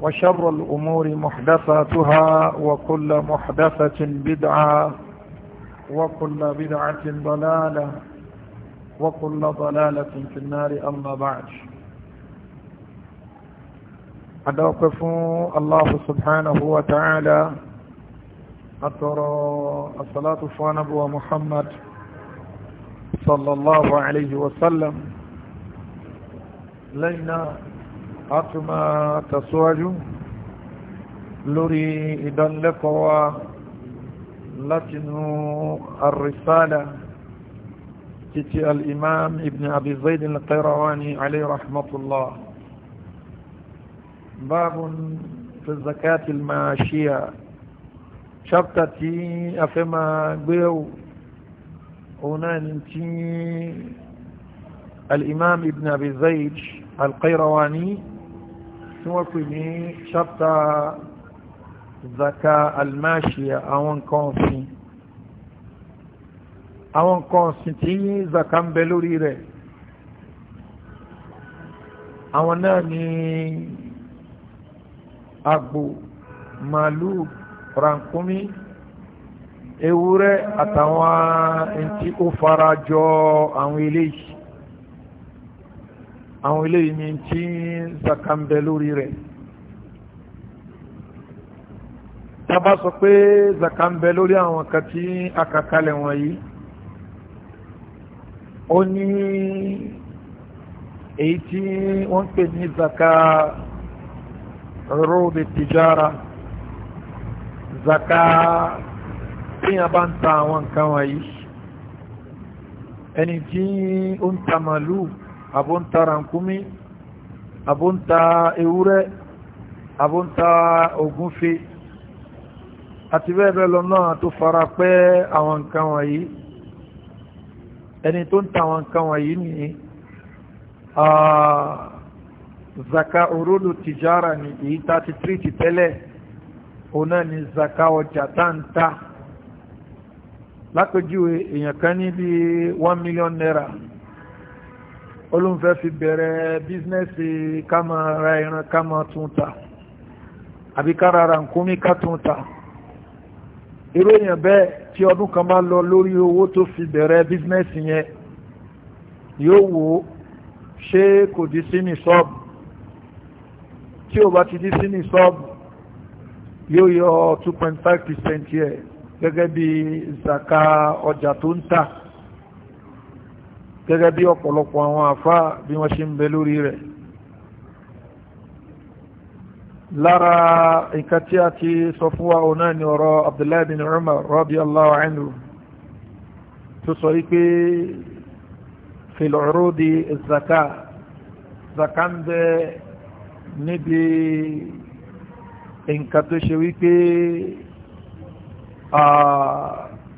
وشر الأمور محدثاتها وكل محدثة بدعة وكل بدعة ضلالة وكل ضلالة في النار أما بعد أدوقف الله سبحانه وتعالى أترى الصلاة فنبوة محمد صلى الله عليه وسلم لينا a tún máa tẹ̀síwájú lórí ìdánilẹ́kọ̀ọ́ wa látinú àrísàlá títí al'imam ibn abi zaid al-qayrawani alayhi rahmatullah babun fi zakati al-mashiya chapter tí a fẹ́ máa gbéyàwó òun náà ni tí al'imam ibn abi zaid al-qayrawani tí wọ́n pè ní ṣáptà zaka almashia àwọn nǹkan ọ̀sìn àwọn nǹkan ọ̀sìn tí zaka ń bẹ lórí rẹ̀ àwọn náà ni agbo màálù rànkúmí ewúrẹ́ àtàwọn ẹni tí ó fara jọ àwọn eléyìí àwọn ilé ìní tí zakambẹ lórí rẹ̀ tàbá sọ pé zakambẹ lórí àwọn kan tí akakalẹ̀ wọ̀nyí ó ní èyí tí wọ́n pè ní zaka rọ́ọ̀bì tìjára zaka tíyàn bá ń ta àwọn nǹkan wọ̀nyí ẹni tí ó ń ta màlúù abó ń ta rankumi abó ń ta ewúrẹ́ abó ń ta ògúnfe àti bẹ́ẹ̀ lọ náà tó fara pẹ́ àwọn nǹkan wọ̀nyí ẹni tó ń ta àwọn nǹkan wọ̀nyí ni zaka orodo tijara ni èyí tá ti tírìtì tẹ́lẹ̀ òun náà ni zaka ọjà táǹtà lápèjúwe èèyàn kan ní bíi one million naira olóhùn fẹ́ fi bẹ̀rẹ̀ bísínẹ́sì kama máa ra ẹran ká máa tún ta àbí ká ra rànkúnmí ká tún ta irú èèyàn bẹ́ẹ̀ tí ọdún kan bá lọ lórí owó tó fi bẹ̀rẹ̀ bísínẹ́sì yẹn yóò wò ó ṣé kò di sí ní sọ́ọ̀bù tí ò bá ti di sí ní sọ́ọ̀bù yóò yọ 2.5 yẹ gẹ́gẹ́ bí zaka ọjà tó ń tà gẹ́gẹ́ bí ọ̀pọ̀lọpọ̀ àwọn àfá bí wọ́n ṣe ń bẹ lórí rẹ̀ lára nǹkan tí a ti sọ fún wa òun náà ni ọ̀rọ̀ Abdullahi bin Umar radiyallahu anhu tó sọ wípé fil urudi zaka zaka ń bẹ níbi nǹkan tó ṣe wípé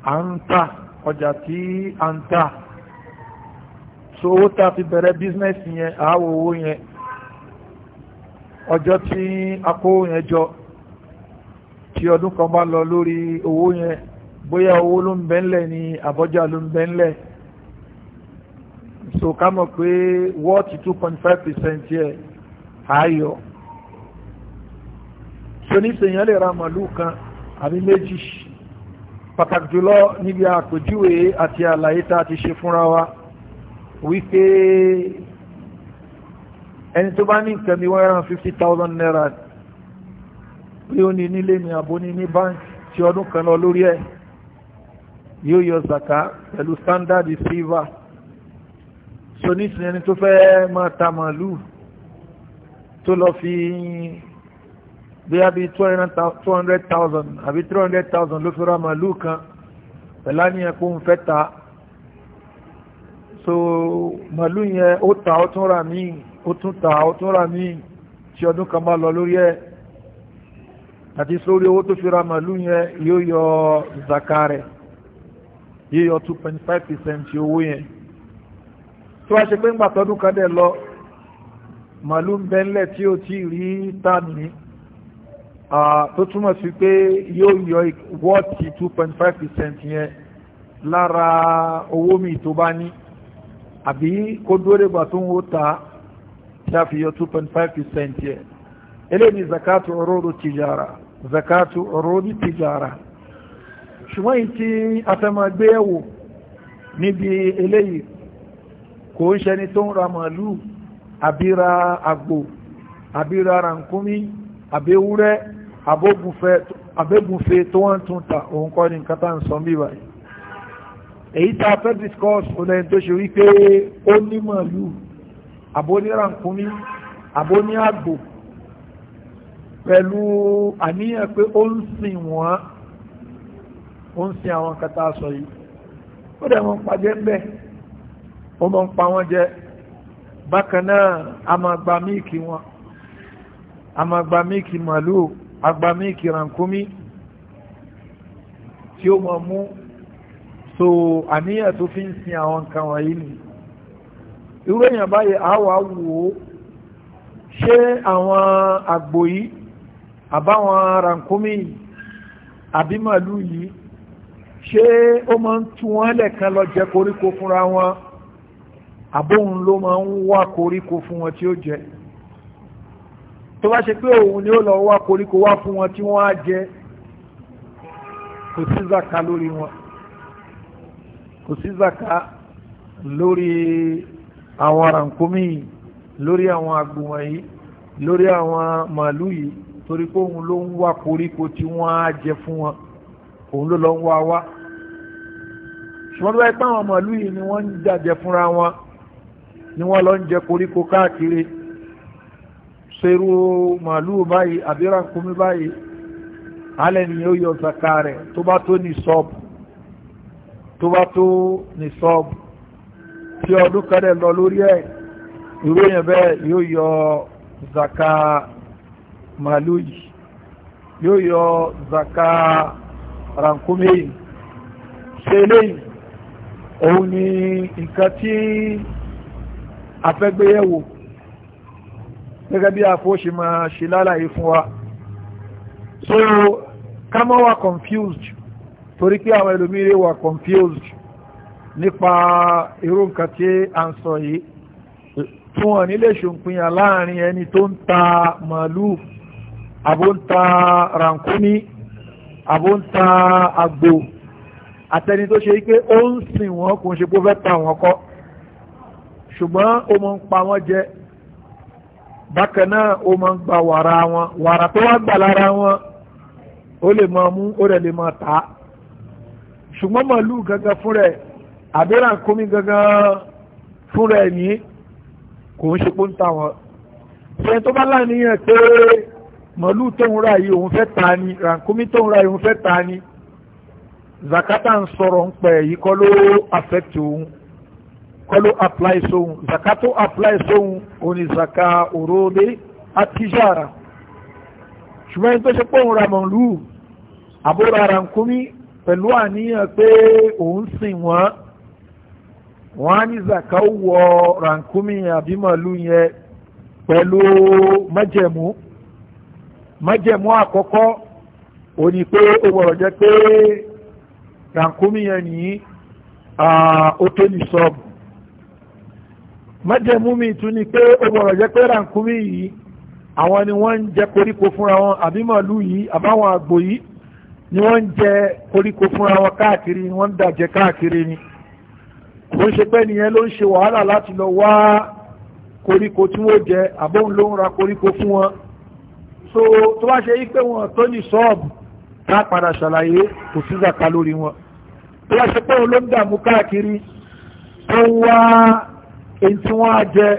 à ń ta ọjà tí à ń ta so owó tá a fi bẹ̀rẹ̀ bísínẹ́sì yẹn àáwọ̀ owó yẹn ọjọ́ tí a kó yẹn jọ tí ọdún kan bá lọ lórí owó yẹn bóyá owó ló ń bẹ ni àbọ́jà ló ń bẹ ńlẹ̀ so ká mọ̀ pé wọ́ọ̀tì two point five percent yẹ ààyọ̀ so nísìnyẹn lè ra màlúù kan àbí méjì pàtàkì jùlọ níbi àpèjúwe àti àlàyé tá a ti ṣe fúnra wa wípé ẹni tó bá ní nǹkan bí 150,000 naira pé ó ní nílé ní àbóní ní báńkì tí ọdún kan lọ lórí ẹ̀ yóò yọ zaka pẹ̀lú standard silver so nísìnyí ẹni tó fẹ́ máa ta màálù tó lọ fi bí a bí 200,000 àbí 300,000 ló fi ra màálù kan pẹ̀lá ní ẹkùn fẹ́ ta so màálù yẹn ó ta ó tún rà míì ó tún ta ó tún rà míì tí ọdún kan bá lọ lórí ẹ̀ àti sórí owó tó fi ra màálù yẹn yóò yọ zaka rẹ̀ yóò yọ two point five percent ti owó yẹn tó wá ṣe pé ńgbà tọdún kan dẹ̀ lọ màálù ń bẹ ńlẹ̀ tí ó ti rí tà ní tó túmọ̀ sí pé yóò yọ wọ́ọ̀tì two point five percent yẹn lára owó mi tó bá ní àbí kó dúró dìgbà tó ń wó ta tí 2.5% yẹ eléyìí ni zakatu urudu tijara zakatu urudu tijara ṣùgbọ́n yìí tí a fẹ́ máa gbé ẹ̀wò níbi eléyìí kò ń ṣẹni tó ń ra màálù àbíra àgbò àbíra rànkúmí àbẹ́wúrẹ́ àbẹ́gùnfẹ́ tó wọ́n tún ta òun kọ́ ní nǹkan ń sọ bí báyìí èyí tá a fẹ́ discuss ọ̀nà tó ṣe wípé ó ní màálù àbónírankunmí àbóníàgbò pẹ̀lú àníyàn pé ó ń sìn wọ́n ó ń sin àwọn kata sọ yìí ó dẹ̀ mọ́ ń pàjẹ́ ń bẹ́ ó mọ́ ń pa wọ́n jẹ bákan náà a máa gba míìkì wọn a máa gba míìkì màálù a gba míìkì rànkúmí tí ó mọ̀ mú so àníyàn tó fi ń sin àwọn nǹkan wọ̀nyí ni irú èèyàn báyìí àwọ̀ àwò ṣé àwọn àgbò yìí àbáwọn rànkúmí àbí màálù yìí ṣé ó máa ń tú wọn lẹ́ẹ̀kan lọ jẹ koríko fúnra wọn àbóhun ló máa ń wá koríko fún wọn tí ó jẹ tó bá ṣe pé òun ni ó lọ wá koríko wá fún wọn tí wọ́n á jẹ kò sí zaka lórí wọn kò sí zaka lórí àwọn rànkúmí lórí àwọn agbùnwọ̀n yìí lórí àwọn màálù yìí torí pé òun ló ń wá koríko tí wọ́n á jẹ fún wọn òun ló lọ ń wá wá ṣùgbọ́n tó bá ipá àwọn màálù yìí ni wọ́n ń jàjẹ fúnra wọn ni wọ́n lọ ń jẹ koríko káàkiri ṣerú màálù báyìí àbí rànkúmí báyìí alẹ́ nìyẹn ó yọ zaka rẹ̀ tó bá tó ní sọ́ọ̀bù tó bá tó ní sọ́ọ̀bù tí ọdún kẹ́rẹ̀ lọ lórí ẹ̀ irú èèyàn bẹ́ẹ̀ yóò yọ zaka màálù yìí yóò yọ zaka rankumi yìí ṣe eléyìí òun ni nǹkan tí a fẹ́ gẹ́gẹ́ bí àfóṣe máa ṣe lálàyé fún wa so ká má wà confused torí pé àwọn ẹlòmíire wà confused nípa irú nǹkan tí a ń sọ yìí fún ọ̀ nílé ṣùnpìyàn láàrin ẹni tó ń ta màálù àbó ń ta rànkúní àbó ń ta àgbò àtẹni tó ṣe pé ó ń sìn wọ́n kò ń ṣe pé ó fẹ́ ta wọ́n kọ́ ṣùgbọ́n ó mọ̀ ń pa wọ́n jẹ bákan náà ó mọ̀ ń gba wàrà wọn wàrà tó wá gbà lára wọn ó lè máa mú ó rẹ̀ lè máa tà ṣùgbọ́n màálù gangan fún rẹ̀ àbẹ́rà kómi gangan fún rẹ̀ ní kò ń ṣepó ń ta wọn ṣe tó bá láníyàn pé màálù tóun ra yìí òun fẹ́ ta ni rànkómi tóun ra yìí òun fẹ́ ta ni zakata ń sọ̀rọ̀ ń pẹ̀ yìí kọ́ ló affect òun kọ́ ló apply sóhun zakato apply sóhun òní zaka òróde àtijára ṣùgbọ́n ẹni tó ṣe pé òun ra màálù àbúrò ara nkómi pẹ̀lú àníyàn pé òun sìn wọ́n wọ́n á ní zaka wọ rànkúmí àbí màálù yẹn pẹ̀lú májẹ̀mú májẹ̀mú àkọ́kọ́ ó ní pé ó gbọ́dọ̀ jẹ́ pé rànkúmí yẹn ní sọ́ọ̀bù májẹ̀mú mi tún ni pé ó gbọ́dọ̀ jẹ́ pé rànkúmí yìí àwọn ni wọ́n ń jẹ koríko fúnra wọn àbí yìí àbáwọn àgbò yìí ni wọ́n ń jẹ koríko fúnra wọn káàkiri ni wọ́n ń dàjẹ káàkiri ni kò ń ṣe pé nìyẹn ló ń ṣe wàhálà láti lọ wá koríko tí wọ́n jẹ àbóhùn ló ń ra koríko fún wọn so tó bá ṣe yí pé wọn tó ní sọ́ọ̀bù ká padà ṣàlàyé kò sí zaka lórí wọn tó bá ṣe pé wọn ló ń dààmú káàkiri tó ń wá èyí tí wọ́n á jẹ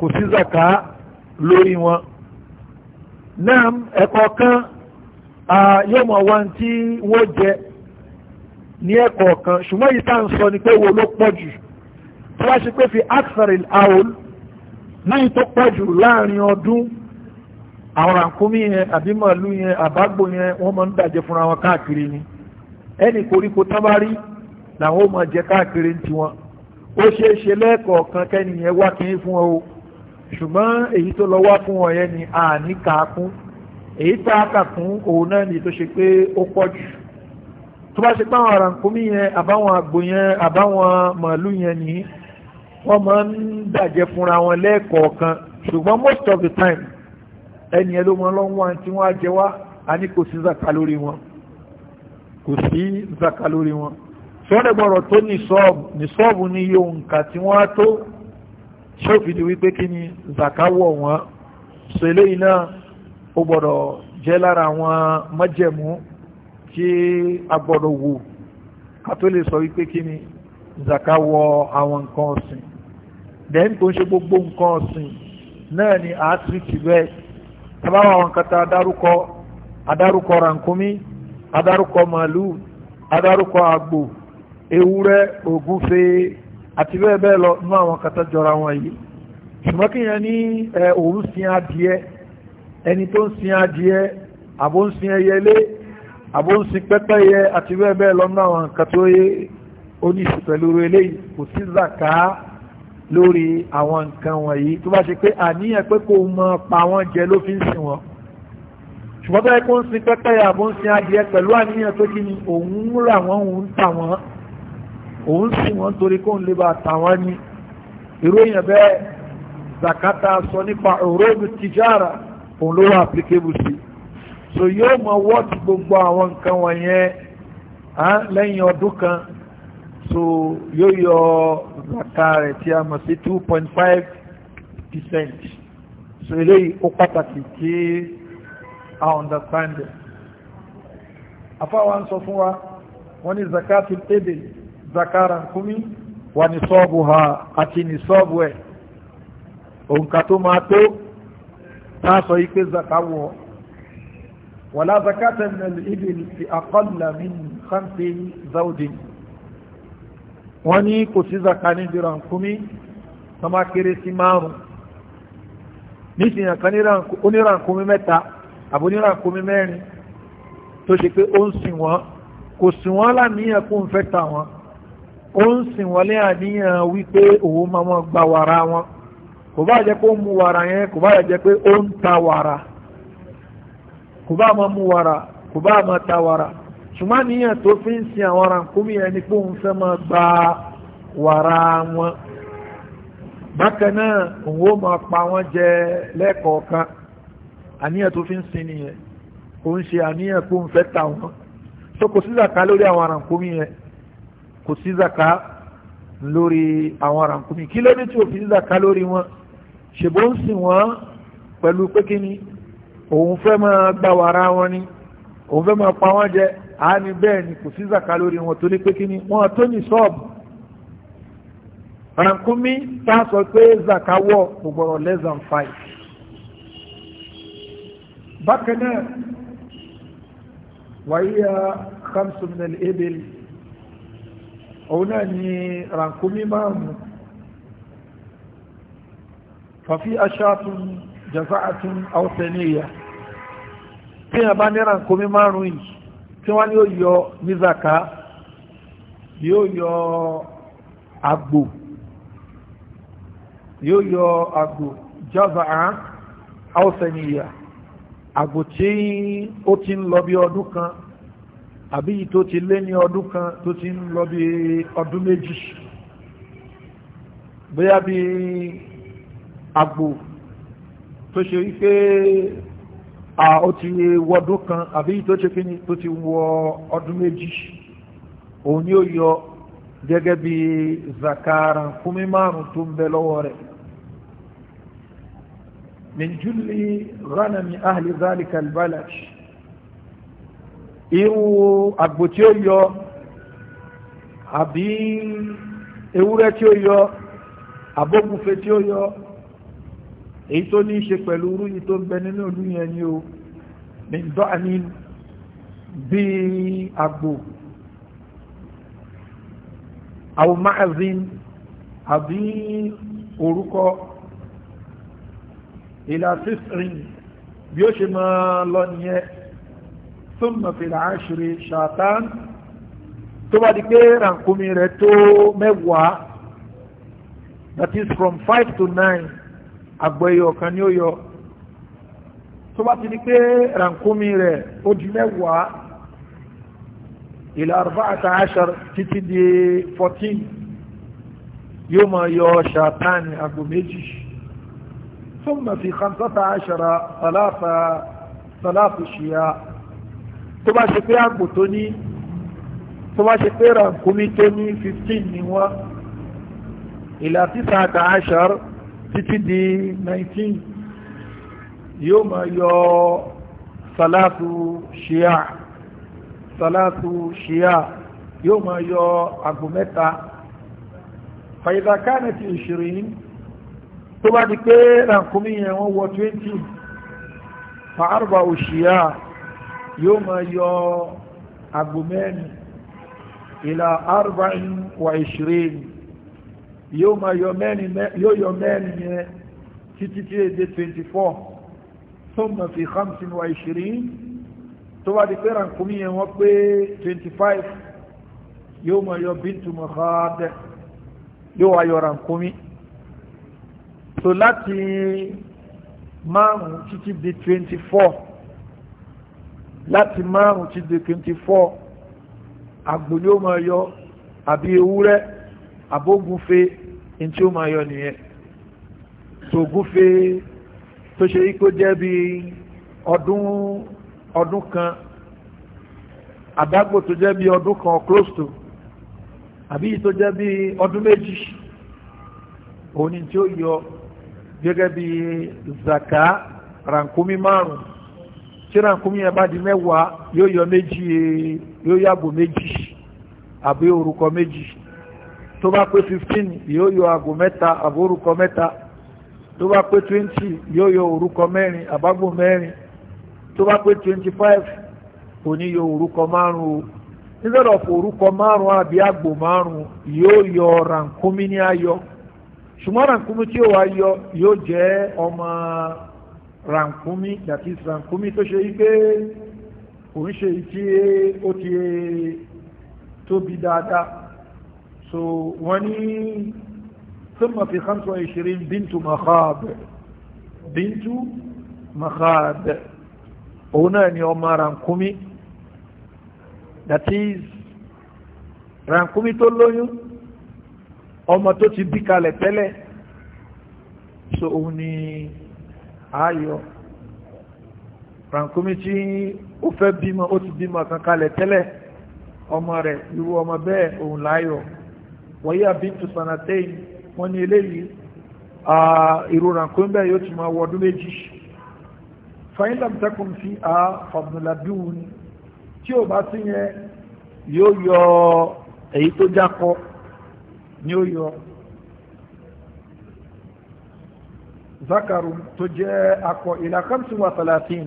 kò sí zaka lórí wọn náà ẹ̀kọ́ kan yóò mọ̀ wọn tí wọ́n jẹ ní ẹ̀kọ́ kan ṣùgbọ́n yìí tá ń sọ ni pé wo ló pọ̀ jù tí wọ́n ṣe pé fi axaril awl náà tó pọ̀ jù láàrin ọdún àwọn ràkúnmí yẹn àbí màálù yẹn àbágbò yẹn wọ́n máa ń dàjẹ́ fúnra wọn káàkiri ni ẹnì koríko tábárí làwọn ó máa jẹ káàkiri tiwọn ó ṣeé ṣe lẹ́ẹ̀kọ̀ọ̀kan kẹ́niyẹn wá kí fún ọ ṣùgbọ́n èyí tó lọ wá fún ọ yẹn ni àníkàákún èyí tá a fún òun náà ni tó ṣe pé ó pọ̀ jù tó bá ṣe pé àwọn àràǹkómi yẹn àbáwọn àgbò yẹn àbáwọn màálù yẹn ni wọ́n máa ń dàjẹ́ fúnra wọn lẹ́ẹ̀kọ̀ọ̀kan ṣùgbọ́n most of the time ẹni ẹ ló mọ lọ́wọ́ tí wọ́n á jẹ wá a ní kò sí zaka lórí wọn kò sí zaka lórí wọn sọ́dẹ̀ gbọ́rọ̀ tó ní sọ́ọ̀bù ní sọ́ọ̀bù ní iye òǹkà tí wọ́n á tó ṣòfin di wípé kí ni zaka wọ̀ wọ́n ṣẹlẹ̀ yìí náà ó gbọ́dọ̀ jẹ́ lára àwọn májẹ̀mú tí a gbọ́dọ̀ wò ká tó lè sọ wípé kí ni zaka wọ àwọn nǹkan ọ̀sìn then kò ń ṣe gbogbo nǹkan ọ̀sìn náà ni a ti ti bẹ́ẹ̀ tabawa àwọn kata adárúkọ adárúkọ rankumi adárúkọ màálù adárúkọ àgbò ewúrẹ́ ògúnfe àti bẹ́ẹ̀ bẹ́ẹ̀ lọ nú àwọn kata jọra wọn yìí ṣùgbọ́n kí yẹn ní adi e. adìẹ ẹni tó ń sin adìẹ àbó ń sin ẹyẹlé àbó ń sin pẹ́pẹ́yẹ àti bẹ́ẹ̀ bẹ́ẹ̀ lọ́nà àwọn nǹkan tó yé oníṣù pẹ̀lú eléyìí kò sí zaka lórí àwọn nǹkan wọ̀nyí tó bá ṣe pé àníyàn pé kò mọ pa wọ́n jẹ ló fi ń sìn wọ́n ṣùgbọ́n tó yẹ kó ń sin pẹ́pẹ́yẹ àbó ń sin adìẹ pẹ̀lú àníyàn tó kí ni òun rà wọ́n òun tà wọ́n òun sìn wọ́n torí kó ń lè bá tà wọ́n ni ìròyìn bẹ́ẹ̀ zakata sọ nípa òróòdù tìjára òun ló wà applicable sí so yóò mọ wọ́ọ̀tì gbogbo àwọn nǹkan wọ̀nyẹn lẹ́yìn ọdún kan so yóò yọ zaka rẹ̀ tí a mọ̀ sí two percent so eléyìí ó pàtàkì kí a understand it afáwa ń sọ fún wa wọ́n ní zakati tẹ́bẹ̀ zakara kúmí wà ní sọ́ọ̀bù ha àti ní sọ́ọ̀bù ẹ̀ òǹkà tó máa tó náà sọ ipé zaka wọ wàlá zakata nílùú ibil fi aqalla min khamsi zaudin wọ́n ní kò sí zaka níbi rankumi sọmá kéré sí márùn nísìnyàn kan ní rankumi mẹ́ta àbò ní rankumi mẹ́rin tó ṣe pé ó ń sìn wọ́n kò sìn wọ́n láníyàn kó ń fẹ́ ta wọn ó ń sìn wọ́n lé àníyàn wípé òun máa wọn gba wàrà wọn kò bá jẹ́ pé ó mu wàrà yẹn kò bá jẹ́ pé ó ń ta wàrà kò bá máa mu wàrà kò bá máa ta wàrà ṣùgbọ́n níyàn tó fi ń sin àwọn ràkúnmí yẹn ni pé òun fẹ́ máa gba wàrà wọn bákan náà òun ó máa pa wọ́n jẹ lẹ́ẹ̀kọ̀ọ̀kan àníyàn tó fi ń sin nìyẹn kò ń ṣe àníyàn kó ń fẹ́ ta wọn so kò sí zaka lórí àwọn ràkúnmí yẹn kò sí zaka lórí àwọn ràkúnmí kí ló ní tí ò zaka lórí wọn ṣèbó ń sìn wọ́n pẹ̀lú pé ni òun fẹ́ máa gba wàrà wọn ni òun fẹ́ máa pa wọ́n jẹ àání bẹ́ẹ̀ ni kò sí zaka lórí wọn torí pé kí ni wọ́n tó ní sọ́ọ̀bù rankumi tá a sọ pé zaka wọ̀ kò gbọ́rọ̀ less than five bákan náà wàyí khamsu min al òun náà ni rankumi márùn-ún fàfí aṣáàtún jaza'atun àwọ̀tẹ̀níyà tí a bá ní rànkómi márùn yìí tí wọ́n ní ó yọ ní zaka yóò yọ àgbò yóò yọ àgbò jaza'a àwọ̀tẹ̀níyà àgbò tí ó ti ń lọ bí ọdún kan àbí yìí tó ti lé ní ọdún kan tó ti ń lọ bí ọdún méjì bóyá bíi àgbò tó ṣe wípé ó ti wọdún kan àbí tó ṣe kí ni tó ti wọ ọdún méjì òun ni ó yọ gẹ́gẹ́ bí zakara fúnmi márùn tó ń bẹ lọ́wọ́ rẹ̀ min julli ghanami ahli zalika albalad irú àgbò tí ó yọ àbí ewúrẹ́ tí ó yọ àbógunfe tí ó yọ èyí tó ní ṣe pẹ̀lú rúyí tó ń bẹ nínú ìlú yẹn ni o ní dọ́àní bí àgbò àwòmáàzín àbí orúkọ ìlà sísìrìn bí ó ṣe máa lọ nìyẹn tó mọ̀ fìlà ṣàtán tó bá di pé rànkúmi rẹ̀ tó mẹ́wàá that is from five to nine agbọ́yọ ọ̀kan ni ó yọ tó bá ti di pé rànkúmi rẹ̀ ó di mẹ́wàá ìlà arba'ata ashar títí di 14 yóò máa yọ ṣàtánì àgbò méjì thumma fi khamsata ashara thalatha thalatha ṣìyà tó bá ṣe pé àgbò tó ní tó bá ṣe pé rànkúmi tó ní 15 ni wọ́n ìlà 19 títí di 19 yóò máa yọ salatu shia salatu shia yóò máa yọ àgbò mẹ́ta fàyíkàkánà ti ìṣìrìn tó bá di pé rànkúmí yẹn wọ́n wọ 20 fa arba òṣìyà yóò máa yọ àgbò mẹ́rin ìlà arba wa ìṣìrìn yóò máa yọ mẹ́rin yóò yọ mẹ́rin yẹn títí tí èdè 24 thumma fi khamsin wa ishirin tó bá di pé rànkúmí yẹn wọ́n pé 25 yóò máa yọ bíntu mọ̀háádẹ́ yóò wá yọ rànkúmí so láti márùn títí di 24 láti márùn títí di 24 àgbò ni ó máa yọ àbí ewúrẹ́ àbógunfe in tí ó máa yọ nìyẹn tó gúnfẹ́ tó ṣe yí kó jẹ́ bí ọdún ọdún kan àdágbò tó jẹ́ bí ọdún kan close to àbí tó jẹ́ bí ọdún méjì òun ni tí ó yọ gẹ́gẹ́ bí zaka rankumi márùn tí rankumi yẹn bá di mẹ́wàá yóò yọ méjì yóò yàgò méjì àbí orúkọ méjì tó bá pé 15 yóò yọ aago mẹ́ta àbórúkọ mẹ́ta tó bá pé 20 yóò yọ orúkọ mẹ́rin àbágbò mẹ́rin tó bá pé 25 kò ní yọ orúkọ márùn-ún instead of orúkọ márùn-ún àbí àgbò márùn-ún yóò yọ rànkúmí ní ayọ̀ ṣùgbọ́n rànkúmí tí ó wá yọ yóò jẹ́ ọmọ rànkúmí that rànkúmí tó ṣe yí pé kò ń ṣe tí ó ti tóbi dáadáa so wọ́n ثم في 25 بنت مخاب بنت مخاب هنا يوم رانكومي that is rànkúmí tó lóyún ọmọ tó ti bí kalẹ̀ tẹ́lẹ̀ so òun ni ayọ̀ rànkúmí tí ó fẹ́ bímọ ó ti bímọ kan kalẹ̀ tẹ́lẹ̀ ọmọ rẹ̀ irú ọmọ bẹ́ẹ̀ òun láyọ̀ wọ́yí àbíntù sanatein wọ́n ní eléyìí ìrora kó ń bẹ́ yóò ti máa wọ́dún méjì fàyín làbùtẹ́kùn sí a fàbùnàbíwùn tí ò bá sí yẹn yóò yọ èyí tó jákọ ni ó yọ zakaru tó jẹ́ akọ ìlà kamsi wa talatin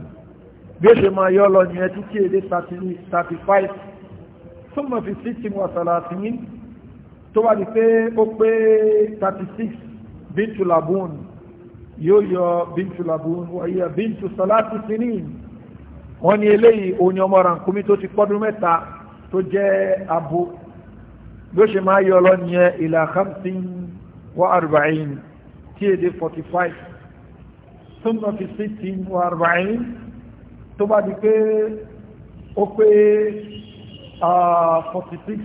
bí ó ṣe máa yọ lọ nìyẹn títí èdè 35 súnmọ̀ fi 16 wa talatin tó wà ní pé ó pé 36 bíntu labun yóò yọ bíntu labun wáyé bíntu salati sinin wọ́n ní eléyìí òní ọmọ rankumi tó ti pọ́dún mẹ́ta tó jẹ́ abo bí ó ṣe máa yọ lọ nìyẹn ila khamsin wa arba'in tí èdè 45 thumma fi sittin wa arba'in tó bá di pé ó pé 46 ah,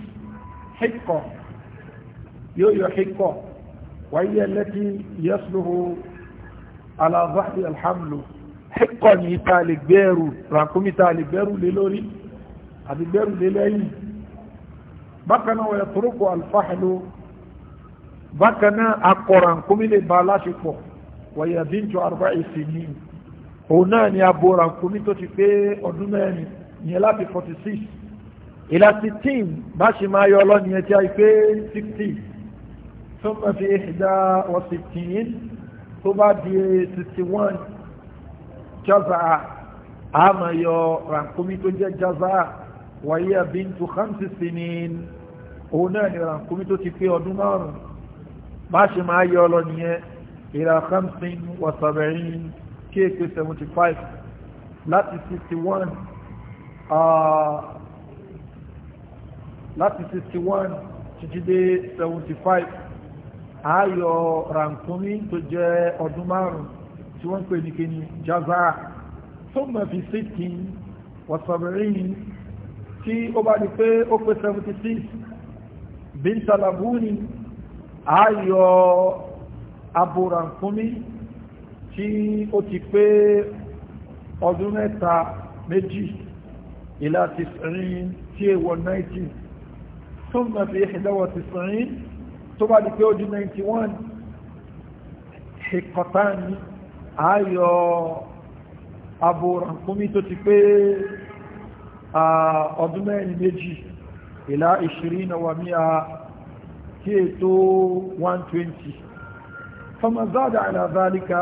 hikọ̀ yóò yọ hikọ̀ wáyé lẹ́tí yẹ́sùlùhù aláàbáhì alhamdu hikọ̀ ní ta lè gbẹ́rù ràkúmí ta lè gbẹ́rù lé lórí àti gbẹ́rù lé lẹ́yìn bákaná wọ́n yẹ turuku alfahlu bákaná akọ̀ràn kúmí lè ba aláṣepọ̀ wọ́n yẹ bíntù arba ìsìnì òun náà ni abo ràkúmí tó ti pé ọdún mẹ́rin ìyẹn láti 46 ìlà 16 bá ṣe máa yọ ọlọ́nìyẹn tí a yí pé 60 ثم في إحدى وستين ثم في ستوان جزاء أما يو رحكمي تجا جزاء وهي بنت خمس سنين هنا رحكمي في ودمار ماشي ما يولوني إلى خمس وسبعين كي سمتي فايف láti 61 uh, láti 61 títí dé 75 ayọ̀ ràǹkúnmí tó jẹ́ ọdún márùn tí wọ́n pè ní kíni jaza tó mọ̀ fi sittin wa sab'in tí ó bá di pé ó pé 76 bint al-abuni ayọ̀ abo ràǹkúnmí tí ó ti pé ọdún mẹ́ta méjì ila tis'in tí èwọ̀ 90 tó mọ̀ fi ihda wa tis'in tó bá di pé ó di 91 ṣèkọ̀tá ní ayọ̀ abo rànkúmí tó ti pé ọdún mẹ́rin méjì ìlà ìṣìrìnà wà ní a kí ètò 120 fọmọ̀záàdà àlàzálíkà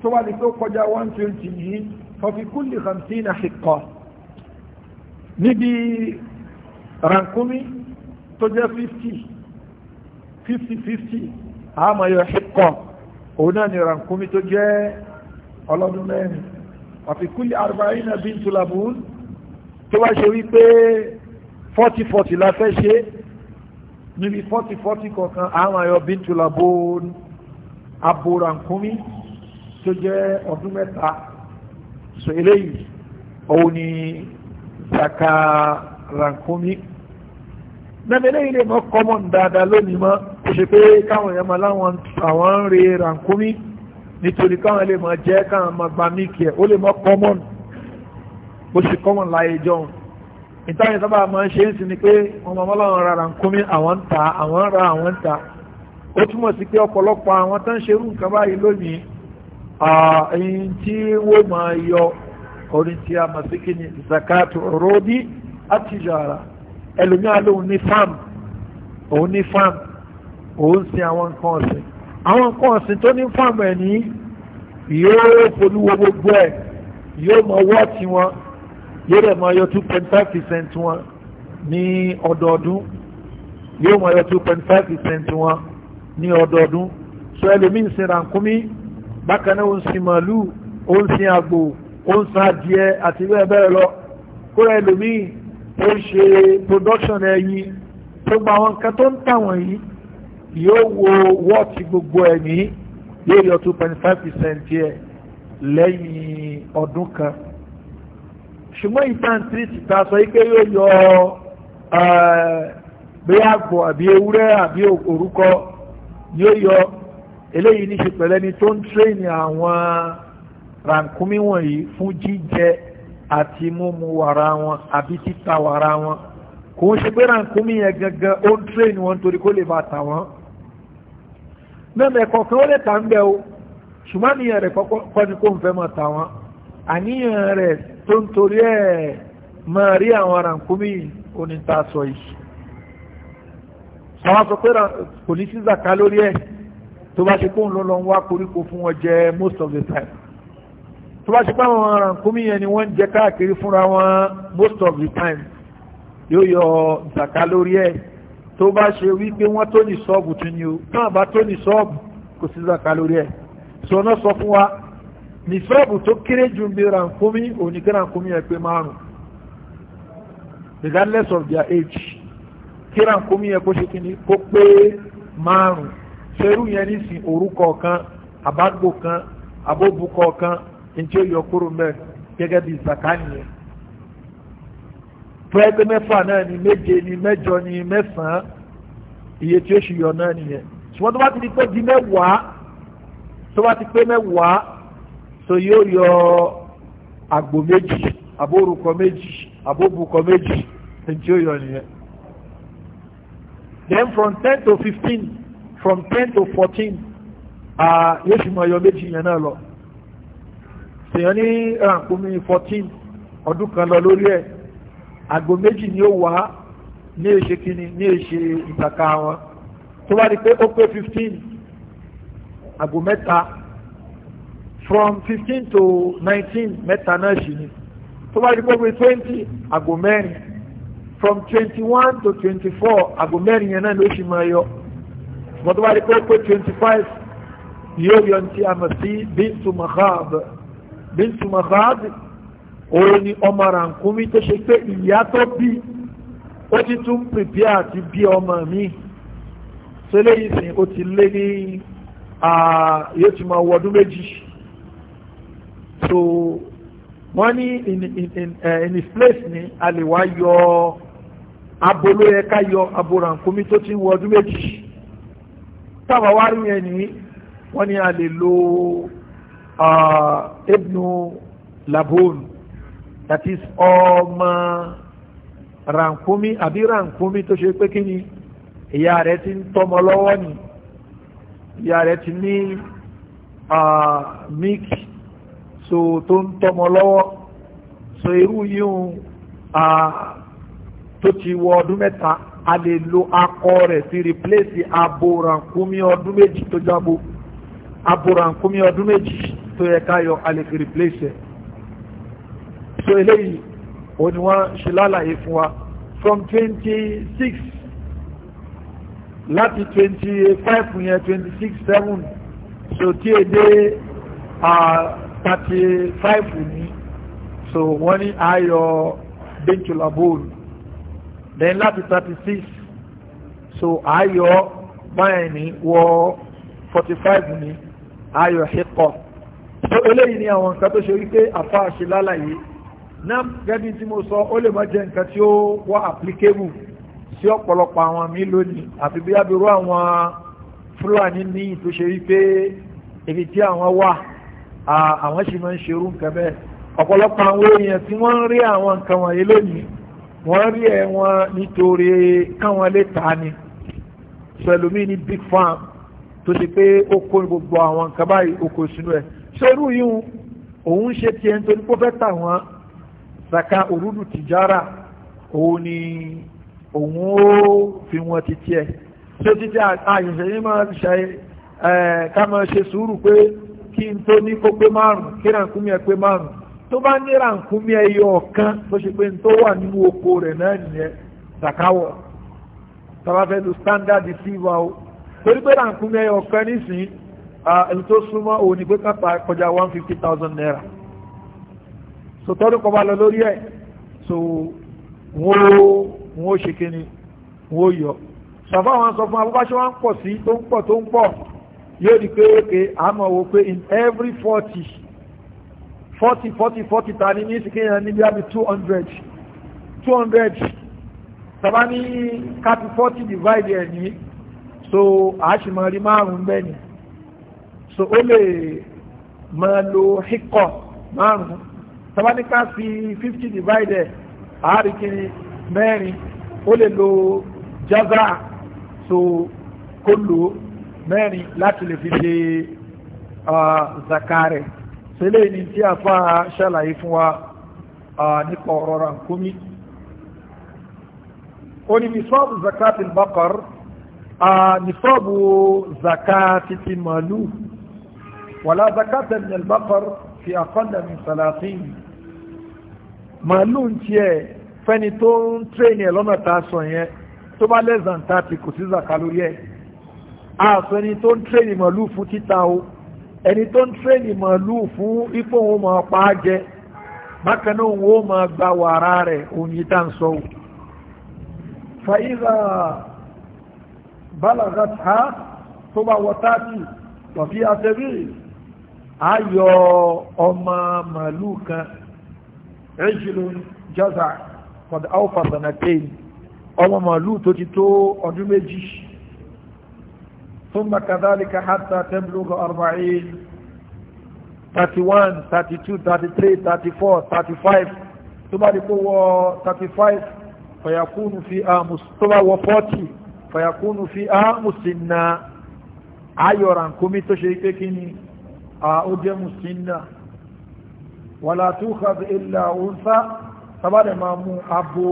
tó bá di pé ó kọjá 120 ní fọfikúlì 50 ṣèkọ̀ níbi rànkúmí tó jẹ́ 50 50-50 àmàyọ̀ ṣíkọ̀ òun náà ni rànkúmí tó jẹ́ ọlọ́dún mẹ́rin àfikúlẹ̀ arba'ina bíntù labun tó wá ṣe wípé 40-40 la fẹ́ ṣe níbi 40-40 kọ̀ọ̀kan àmàyọ̀ bíntù labun abo rànkúmí tó jẹ́ ọdún mẹ́ta so eléyìí òun ni zaka rànkúmí náà eléyìí mọ́ kọ́mọ̀ dáadáa lónìí mọ́ ṣe pé káwọn èèyàn máa láwọn àwọn ń re rànkúmí nítorí káwọn lè máa jẹ́ káwọn máa gba mílìkì ẹ̀ ó lè mọ́ common bó ṣe common láyé jọun ìtàn ìtàbà máa ń ṣe é sí ni pé wọn máa láwọn ra rànkúmí àwọn ń ta àwọn ń ra àwọn ń ta ó túmọ̀ sí pé ọ̀pọ̀lọpọ̀ àwọn tó ń ṣerú nǹkan báyìí lónìí ẹ̀yìn tí wọ́n máa yọ orin tí a máa sí kí ni zakat rodi àtijọ́ ara ẹlòmíà lòun ní farm òun ní farm òun sin àwọn nǹkan ọ̀sìn àwọn nǹkan ọ̀sìn tó ní fáàmù ẹ̀ ní yóò polúwo gbogbo ẹ̀ yóò mọ wọ́ọ̀tì wọn yóò dẹ̀ mọ ayọ two point five percent wọn ní ọdọọdún yóò mọ ayọ two point five percent wọn ní ọdọọdún so ẹlòmíín sin rànkúmí bákan náà ó ń sin màálù ó ń sin àgbò ó ń sin adìẹ àti bẹ́ẹ̀ bẹ́ẹ̀ lọ kóra ẹlòmíín ó ń ṣe production ẹyin tó gba àwọn nǹkan tó ń tà wọ̀nyí yóò wo wọ́ọ̀tì gbogbo ẹ̀mí yóò yọ two point five percent yẹ lẹ́yìn ọdún kan ṣùgbọ́n ìtàn tírìtì ta sọ yìí pé yóò yọ bí àgbò àbí ewúrẹ́ àbí orúkọ yóò yọ eléyìí ní ṣe pẹ̀lú ẹni tó ń tírénì àwọn rànkúmí wọ̀nyí fún jíjẹ àti mímu wàrà wọn àbí títa wàrà wọn kò ń ṣe pé rànkúmí yẹn gangan ó ń tírénì wọn torí kó lè bá tà mẹ́mẹ́ kọ̀ọ̀kan ó lè ta ń bẹ́ o ṣùgbọ́n àníyàn rẹ̀ kọ́ ni kò ń fẹ́ mọ̀ ta wọn àníyàn rẹ̀ tó ń torí ẹ̀ máa rí àwọn arankumi oníta sọ yìí àwọn sọ pé kò ní sí zaka lórí ẹ̀ tó bá ṣe kó ń lọ lọ ń wá koríko fún wọn jẹ most of the time tó bá ṣe pé àwọn arankumi yẹn ni wọ́n ń jẹ káàkiri fúnra wọn most of the time yóò yọ zaka lórí ẹ̀ tó bá ṣe wípé wọ́n tó ní sọ́ọ̀bù tún ni o náà bá tó ní sọ́ọ̀bù kò sí zaka lórí ẹ̀ sọ̀nà sọ fún wa ní sọ́ọ̀bù tó kéré ju bí rànkúmí oníkè rànkúmí ẹ̀ pé márùn regardless of their age kí rànkúmí ẹ̀ kó ṣe kí ni kó pé márùn ṣerú yẹn nísìn orúkọ kan àbádgbò kan abóbukọ kan ní tí ó yọ kúrò mẹ́ gẹ́gẹ́ bí zaka nìyẹn tó yẹ pé mẹ́fà náà ni méje ni mẹ́jọ ni mẹ́sàn-án iye tí ó ṣe yọ náà nìyẹn ṣùgbọ́n tó bá ti di pé di mẹ́wàá tó bá ti pé mẹ́wàá so yóò yọ àgbò méjì àbórúkọ méjì àbóbùkọ méjì ní tí ó yọ nìyẹn then from ten to fifteen from ten to fourteen yóò ṣì mọ̀ yọ méjì yẹn náà lọ ṣèyàn ní rànkúmi fourteen ọdún kan lọ lórí ẹ̀ àgbo méjì ni ó wà ní èṣe kíni ní èṣe ìtàkà wọn tó bá di pé ó pé fifteen àgbo mẹ́ta from 15 to 19 mẹ́ta náà ṣì ni tó bá di pé ó pé twenty àgbo mẹ́rin from 21 to 24 four àgbo mẹ́rin yẹn náà ló ṣì máa yọ ṣùgbọ́n tó bá di pé ó pé twenty yóò yọ ní ti àmọ̀ sí bíntu mahab bíntu mahab òun ni ọmọ rànkúnmí tó ṣe pé ìyá tó bí ó ti tún pèpè àti bí ọmọ mi sẹlẹ̀ yìí sìn ó ti lé ní yóò ti máa wọ ọdún méjì so wọ́n ní in in in eh, in his place ni a lè wá yọ abo ló yẹ ká yọ abo rànkúnmí tó ti ń wọ ọdún méjì táwa wá rí yẹn ni wọ́n ní a lè lo ebnu labone that is ọmọ rànkúmí àbí rànkúmí tó ṣe pé kí ni ìyá rẹ̀ ti ń tọ́mọ lọ́wọ́ ni ìyá rẹ̀ ti ní milk so tó ń tọ́mọ lọ́wọ́ so irú yíhun tó ti wọ ọdún mẹ́ta a lè lo akọ rẹ̀ sí replace abo rànkúmí ọdún méjì tó jábo abo rànkúmí ọdún méjì tó yẹ ká a lè fi replace ẹ̀ so eléyìí ó ní wọ́n ṣe lálàyé fún wa from twenty six láti twenty five yẹn twenty six seven so tí èdè e thirty five ní so wọ́n ní ayọ̀ dentulabol then láti thirty six so ayọ̀ báyìí ní wọ forty five ní ayọ̀ hip hop so eléyìí ni àwọn nǹkan tó ṣe wípé àfa àṣẹ lálàyé náà gẹ́bí tí mo sọ ó lè má jẹ́ nǹkan tí ó wá applicable sí ọ̀pọ̀lọpọ̀ àwọn mi lónìí àfi bí abirú àwọn fúlàní ní tó ṣe wípé ibi tí àwọn wà àwọn sì máa ń ṣerú nǹkan bẹ́ẹ̀ ọ̀pọ̀lọpọ̀ àwọn èèyàn tí wọ́n ń rí àwọn nǹkan wọ̀nyí lónìí wọ́n rí ẹ̀ wọn nítorí káwọn lè ta ni pẹ̀lúmí ní big farm tó ṣe pé ó kó gbogbo àwọn nǹkan báyìí ó kó sínú ẹ̀ ṣerú yìí òun ṣe tiẹ̀ nítorí pé ó fẹ́ tà wọ́n zaka òrùdù tìjára òun ni òun ó fi wọn títí ẹ̀ ṣé títí àyẹ̀ṣẹ̀ yìí máa ṣe ká máa ṣe sùúrù pé kí n tó ní kó pé márùn-ún kí rànkúmí ẹ pé márùn-ún tó bá ní rànkúmí ẹyọ ọ̀kan tó ṣe pé n tó wà nínú oko rẹ̀ náà nìyẹn zakawọ̀ tàbá fẹ́ lu standard silver o torí pé rànkúmí ẹyọ ọ̀kan nísìnyí ẹni tó súnmọ́ òun ni pé kápá kọjá one fifty thousand naira so tọ́rí kọ́ bá lọ lórí ẹ̀ so wọ́n ó ṣe kí ni wọ́n ó yọ ṣàfà wọn sọ fún abúbáṣe wọn pọ̀ sí tó ń pọ̀ tó ń pọ̀ yóò di pé èké àmọ́ wo pé in every forty forty forty forty ta ni ní ìsìnkíyàn níbi àbí two hundred two hundred tàbá ní kápí forty divide ẹ̀ ní so àṣìmọ̀rí márùn-ún bẹ́ẹ̀ ni so ó lè máa lo hikọ̀ márùn-ún tabaníká fi 50 divided àárikiri mẹ́rin ó lè lo jazra so kó lò mẹ́rin láti lè fi ṣe zakare sílẹ̀ ní tí a fa ṣàlàyé fún wa nípa ọ̀rọ̀ rankumi ó ní misọ́bù zakatil bakar nisọ́bù zakatiti malu wàlá zakatil bakar fi aqalla min salatin màálù ń tiẹ̀ fẹ́ni tó ń tírẹ̀nì ẹ̀ lọ́nà tá a sọ yẹn tó bá lẹ́sàn tààtì kò sí zaka lórí ẹ̀ àṣọ ẹni tó ń tírẹ̀nì màálù fún títa o ẹni tó ń tírẹ̀nì màálù fún ipò òun máa pa á jẹ bákan náà òun ó máa gba wàrà rẹ̀ òun yìí tá ń sọ o. fàyíra bálàgà tá tó bá wọ tààtì wà fi àtẹ̀rí ọmọ màálù kan ẹ́jìlún jaza kọ̀dá alfa sanatain ọmọ màálù tó ti tó ọdún méjì ثم كذلك حتى تبلغ 40 31 32 33 34 35 tó bá di kó wọ 35 fàyàkúnù fi àmùs tó bá wọ 40 fàyàkúnù fi àmùsìnà ayọ̀rànkómi tó ṣe pé kí ni ó jẹ́ mùsìnà wàlá tó kàbí ilẹ̀ òǹsá sábàdẹ̀ máa mú abo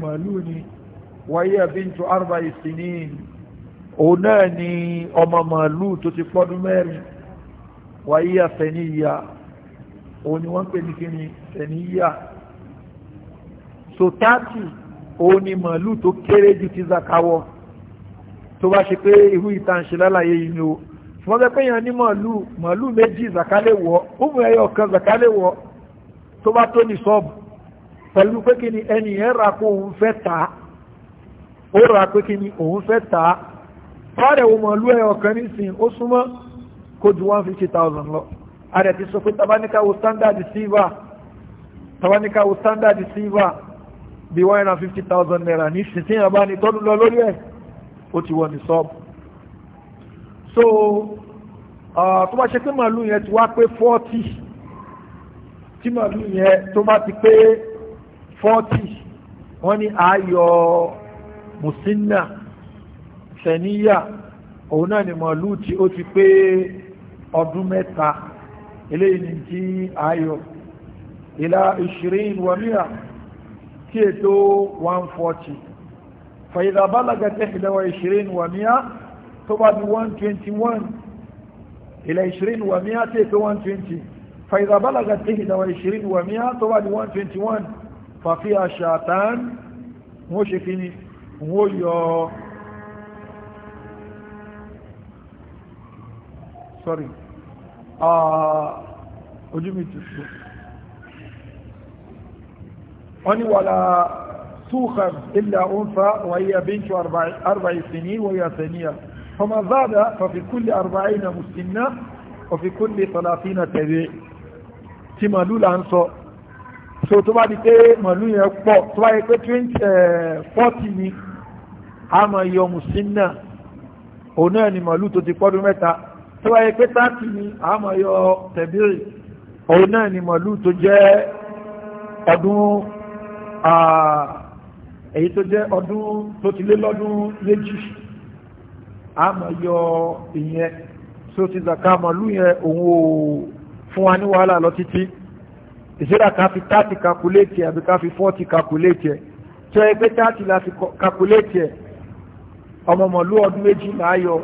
màálù ni wáyé bíntu arba ìsìnìn òun náà ni ọmọ màálù tó ti pọ́dún mẹ́rin wáyé àfẹ́níyà òun ni wọ́n pè ní kíni fẹ́níyà so 30 òun ni màálù tó kéré ju ti zakawọ́ tó bá ṣe pé irú ìtànṣe lálàyé yìí ni o ṣùgbọ́n ní màálù màálù méjì zakalẹ̀ ó mú ẹyọ kan zakalẹ̀ tó bá tó ní sọ́ọ̀bù pẹ̀lú pé kí ni ẹni yẹn ra kó òun fẹ́ tà ó ra pé kí ni òun fẹ́ tà á fáàrẹ̀ wo mọ̀lú ẹ̀ ọ̀kan nísìn ó súnmọ́ kó ju one fifty thousand lọ ààrẹ ti sọ pé tabanikawo standard silver tabanikawo standard silver bí one fifty thousand naira ní sísìn àbá ni tọ́dún lọ lórí ẹ̀ ó ti wọ ní sọ́ọ̀bù so uh, tó bá ṣe pé màálù yẹn ti wá pé forty tí màálù yẹn tó bá ti pé fọ́tì wọ́n ní ayọ̀ mùsínà sẹ̀níyà òun náà ni màálù tí ó ti pé ọdún mẹ́ta eléyìí ni tí ayọ̀ ìlà ìṣirin wàmíà tí ètò 140 fàyídà bálaga tẹ́fìdáwà ìṣirin wàmíà tó bá di 121 ìlà ìṣirin wàmíà tí ètò 120 فإذا بلغت 21 و100 طبعا 121 ففيها شاتان وشكني ويا سوري آه وجمي تشو أني ولا سوخر إلا أنثى وهي بنت أربع, أربع سنين وهي ثانية فما زاد ففي كل أربعين مسنة وفي كل ثلاثين تبيع tí màálù là ń sọ so tó bá di pé màálù yẹn pọ̀ tó bá yẹ pé twenty eh, forty ni a máa yọ mùsínà òun náà ni màálù tó ti pọ́dún mẹ́ta tó bá yẹ pé thirty ni a máa yọ tẹ̀bírì òun náà ni màálù tó jẹ́ ọdún èyí tó jẹ́ ọdún tó ti lé lọ́dún méjì a máa yọ ìyẹn so ti zaka màálù yẹn òun ò fún wa ní wàhálà lọ títí ìṣẹ́dá ká fi tààtì kàkúléètì àbí ká fi fọ́ọ̀tì kàkúléètì tó ẹgbẹ́ tààtì la fi kàkúléètì ẹ̀ ọmọmọ̀lú ọdún méjì láàyọ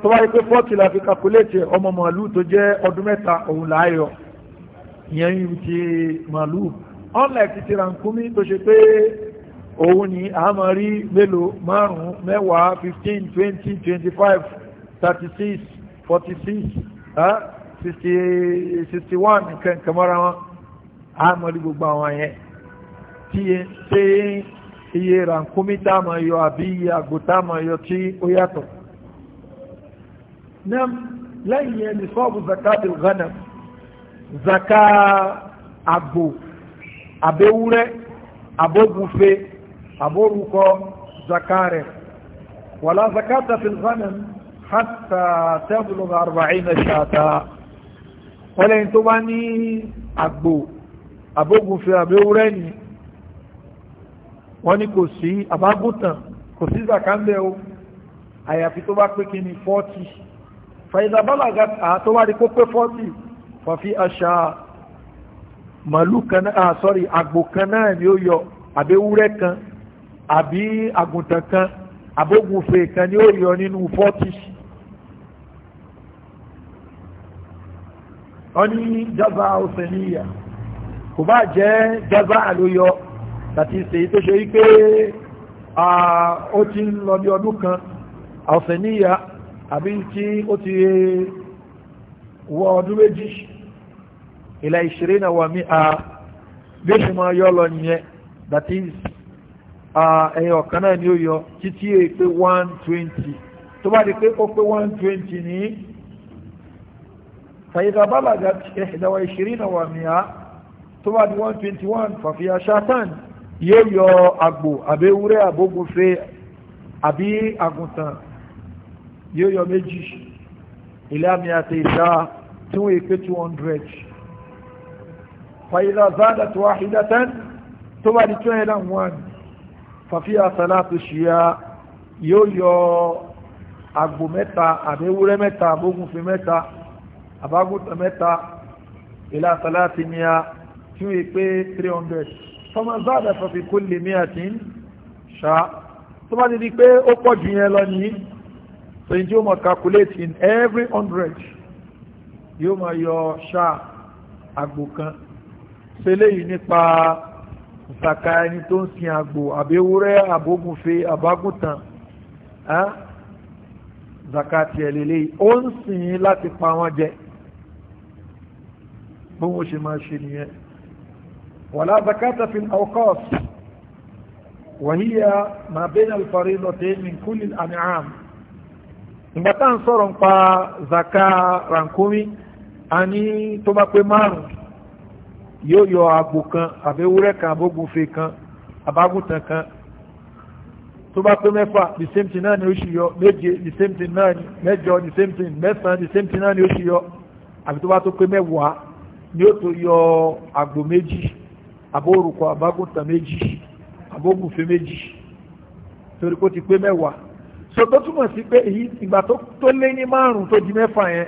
tó wáyé pé fọ́ọ̀tì la fi kàkúléètì ẹ̀ ọmọmọ̀lú tó jẹ́ ọdún mẹ́ta òun láàyọ ìyẹn yìí ti màlúù unlike ti tìrànkúmí tó ṣe pé òun ni a máa rí mélòó márùn-ún mẹ́wàá fifteen twenty twenty five thirty six forty six ah, sixty sixty one nǹkan nǹkan mọ́ra wọn á mọ̀ ní gbogbo àwọn yẹn tí yẹn ṣe iye rànkúmí tá a mọ̀ yọ àbí iye àgbò tá a mọ̀ yọ tí ó yàtọ̀ náà lẹ́yìn yẹn ní sọ́ọ̀bù zakat al-ghanam zaka àgbò àbẹ́wúrẹ́ àbógunfe àbórúkọ zaka rẹ̀ wàlá zakata fil-ghanam hatta tabluga arba'ina shata wọ́n lẹ́yìn tó bá ní àgbò àbógunfe àbẹ́wúrẹ́ ni wọ́n ní kò sí àbágùntàn kò sí zakambe o àyàfi tó bá pé kí ni fọ́tì fàìzàbálàgà tó bá rí kó pé fọ́tì fàfi àṣà màlú kan náà sọ́rí àgbò kan ni ó yọ àbẹ́wúrẹ́ kan àbí àgùntàn kan àbógunfe kan ni ó yọ nínú fọ́tì ọní jaza òsèníyà kò bá jẹ́ jaza àlóyọ àti ìsèyí tó ṣe wípé ó ti ń lọ bí ọdún kan òsèníyà àbí tí ó ti wọ ọdún méjì ìlà ìṣeré náà wà mí a bí ṣe máa yọ lọ nìyẹn that is ẹ̀yọ̀ kan náà ni ó yọ títí èpé 120 tó bá di pé ó pé 120 ní فإذا بلغت 21 و100 تبعد 121 ففيها شاتان يو أبو أبي وري أبو في أبي أغنطان يو ميجي إلى 200 شاة تو يكي 200 فإذا زادت واحدة تبعد 21 ففيها ثلاث شيا يو يو أبو متى أبي وري متى àbágùntàn mẹ́ta ilá tàláti ní a tí ó pé 300 fọmọ záàdà fọ́fí kó lè ní àti ń ṣá tó bá ti di pé ó pọ̀ jù yẹn lọ ní so in tí ó mọ̀ calculate in every 100 yóò mọ̀ yọ ṣá àgbò kan ṣe léyìí nípa ìsàkà ẹni tó ń sin àgbò àbẹ́wúrẹ́ àbógunfe àbágùntàn zakati ẹ̀lẹ́lẹ́ ó ń sìn láti pa wọn jẹ bóhun ṣe máa ṣe nìyẹn wala zakata fil awqat wa hiya ma bayna al-faridatayn min kulli al-an'am ìgbà tá à ń sọ̀rọ̀ ń pa zaka rankumi a ní tó bá pé márùn yóò yọ àgbò kan àbẹ́wúrẹ́ kan àbógunfe kan àbágùntàn kan tó bá pé mẹ́fà the same thing náà ni ó ṣì yọ méje the same thing náà ni mẹ́jọ the same thing mẹ́sàn-án the same thing náà ni ó ṣì yọ àbí tó bá tó pé mẹ́wàá ni ó tó yọ àgbò méjì àbórùkọ àbágùntàn méjì àbógùnfẹ́ méjì torí kó ti pé mẹ́wàá so tó túmọ̀ sí pé èyí ìgbà tó lé ní márùn tó di mẹ́fà yẹn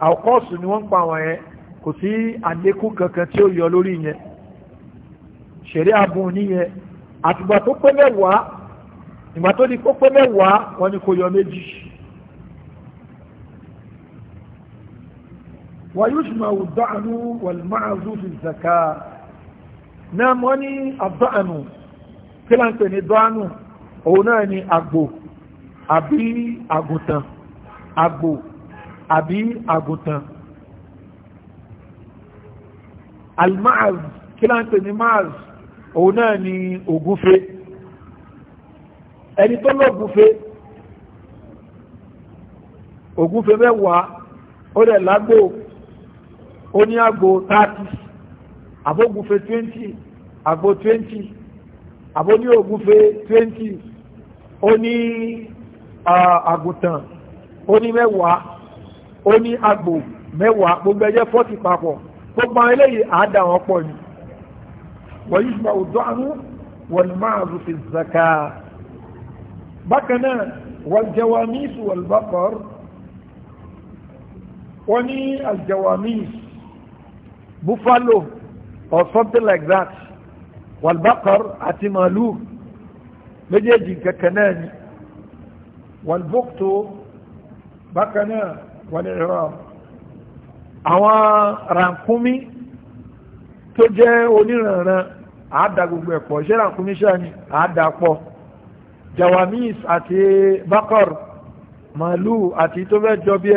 àkọ́ọ̀sù ni wọ́n ń pa àwọn yẹn kò sí àlékún kankan tí ó yọ lórí yẹn ṣeré abun níyẹn àtìgbà tó pé mẹ́wàá ìgbà tó di kó pé mẹ́wàá wọ́n ní kó yọ méjì ويجمع الضعن والمعز في الزكاة نعم وني الضعن كلا نكني ضعن هناني أقبو أبي أقوتان أقبو أبي أقوتان المعز كلا نكني معز هناني أقوفي أني طلع أقوفي أقوفي ميوا أولا لأقبو ó ní àgbò thirty àbógunfe twenty àgbò twenty àbó ní ògunfe twenty ó ní àgùntàn ó ní mẹ́wàá ó ní àgbò mẹ́wàá gbogbo ẹjẹ́ fọ́tì papọ̀ gbogbo àwọn eléyìí àádá wọn pọ̀ ni wọ́n yìí máa dọ́ àánú wọ́n máa rú zaka bákan náà wọ́n jẹ́wàá mísù wọ́n bá pọ̀ wọ́n ní àjẹwàá mísù buffalo or something like that walbakar àti màálù méjèèjì kẹ̀kẹ́ náà ni walbukto bákan náà wal'iram àwọn rànkúmí tó jẹ́ oníranran àádá gbogbo ẹ̀pọ̀ ṣé rànkúmí ṣáà ni àádá pọ̀ jawamis àti bakar malu àti tó fẹ́ jọ bí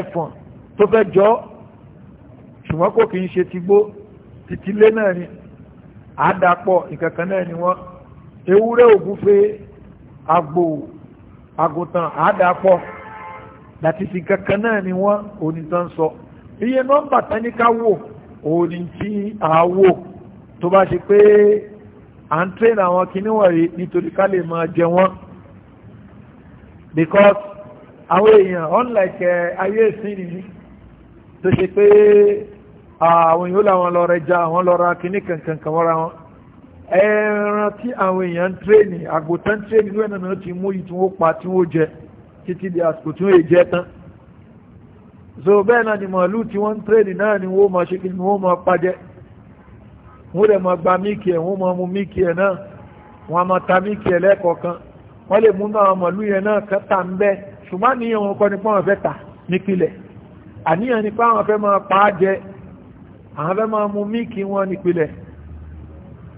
ẹfọ̀n tó fẹ́ jọ ṣùgbọ́n kò kì í ṣe tigbó titilé náà ni àdàpọ̀ ìkankan náà ni wọ́n ewúrẹ́ ògúfe àgbò àgùntàn àdàpọ̀ láti fi kankan náà ni wọ́n onítàn sọ iye nọ́mbà táníká wò òní tí a wò tó bá ṣe pé à ń tẹ́nà àwọn kinní wọ̀nyí nítorí ká lè máa jẹ wọ́n because àwọn èèyàn unlike eh, ayé ìsìn nìyí tó ṣe pé àwọn èèyàn làwọn lọ rẹja àwọn lọ ra kínní kankan kan wọ́ra wọn ẹran tí àwọn èèyàn ń tréènì àgbòtán tréènì lóyún náà ti mú yìí tí wọ́n pa tí wọ́n jẹ títí di àsìkò tí wọ́n jẹ tán so bẹ́ẹ̀ náà ni màálù tí wọ́n ń tréènì náà ni wọ́n máa ṣe kí ni wọ́n máa pàjẹ́ wọ́n dẹ̀ máa gba míìkì ẹ̀ wọ́n máa mu míìkì ẹ̀ náà wọ́n á máa ta míìkì ẹ̀ lẹ́ẹ̀kọ̀ọ̀kan wọ́n lè mú náà màálù yẹn náà kẹta àwọn fẹ́ máa mú míìkì wọn nípìnlẹ̀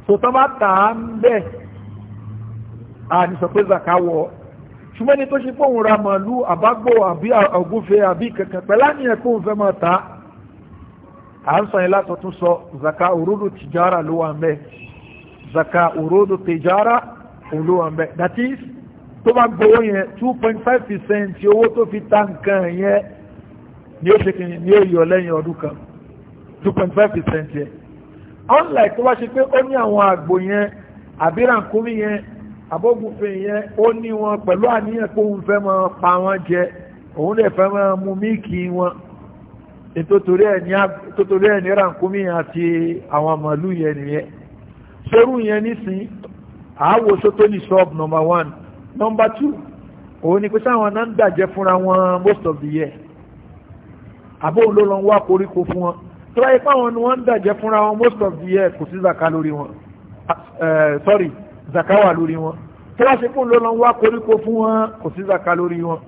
so tán bá tà á ń bẹ̀ à ní sọ pé zaka wọ ṣùgbọ́n ní tó ṣe pé òun ra màálù àbágbò àbí ògúnfe àbí kankan pẹ̀lá ní ẹ̀kọ́ òun fẹ́ máa ta à ń sọ yẹn látọ̀ tún sọ zaka òródò tìjára ló wà ń zaka òródò tìjára ló wà ń that is tó bá gbowó yẹn two point five percent owó tó fi ta nǹkan yẹn ni ó ṣe kìnnìún ni ó yọ lẹ́yìn ọdún kan two point five percent yẹn unlike tó wá ṣe pé ó ní àwọn àgbò yẹn àbí ràkúnmí yẹn abógunfin yẹn ó ní wọn pẹ̀lú àníyàn pé òun fẹ́ máa pa wọn jẹ òun lè fẹ́ máa mu míìkì wọn nítorí ẹ̀ ní ràkúnmí yẹn àti àwọn màálù yẹn nìyẹn ṣerú yẹn nísìn àáwò sótó ní sub number one number two òun ni pé sáwọn náà ń dàjẹ́ fúnra wọn most of the year àbóhùn ló lọ ń wá koríko fún wọn tó báyìí pàwọn ni wọ́n ń dàjẹ́ fúnra wọn most of the year kò sí zaka lórí wọn ah, eh, sorry zaka wà lórí wọn tó bá ṣe pé ló lọ ń wá koríko fún wọn kò sí zaka lórí wọn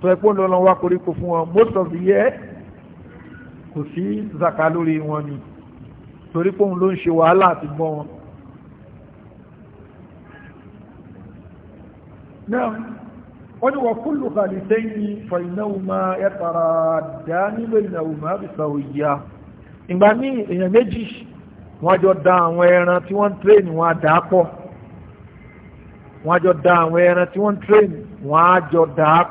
tó báyìí pé ló lọ ń wá koríko fún wọn most of the year kò sí zaka lórí wọn ni torí pé ló ń ṣe wàhálà àti gbọ́n wọn wọ́n ni wọ́n kúlù kàlìtẹ́ ní fàìnáwùmá ẹ́tàrà dá nílò ìnáwùmá àbìsàwòyà ìgbà ní èèyàn méjì wọ́n jọ da àwọn ẹran tí wọ́n ń tírèèni wọ́n á dà á pọ̀ wọ́n á jọ da àwọn ẹran tí wọ́n ń wọ́n jọ dà á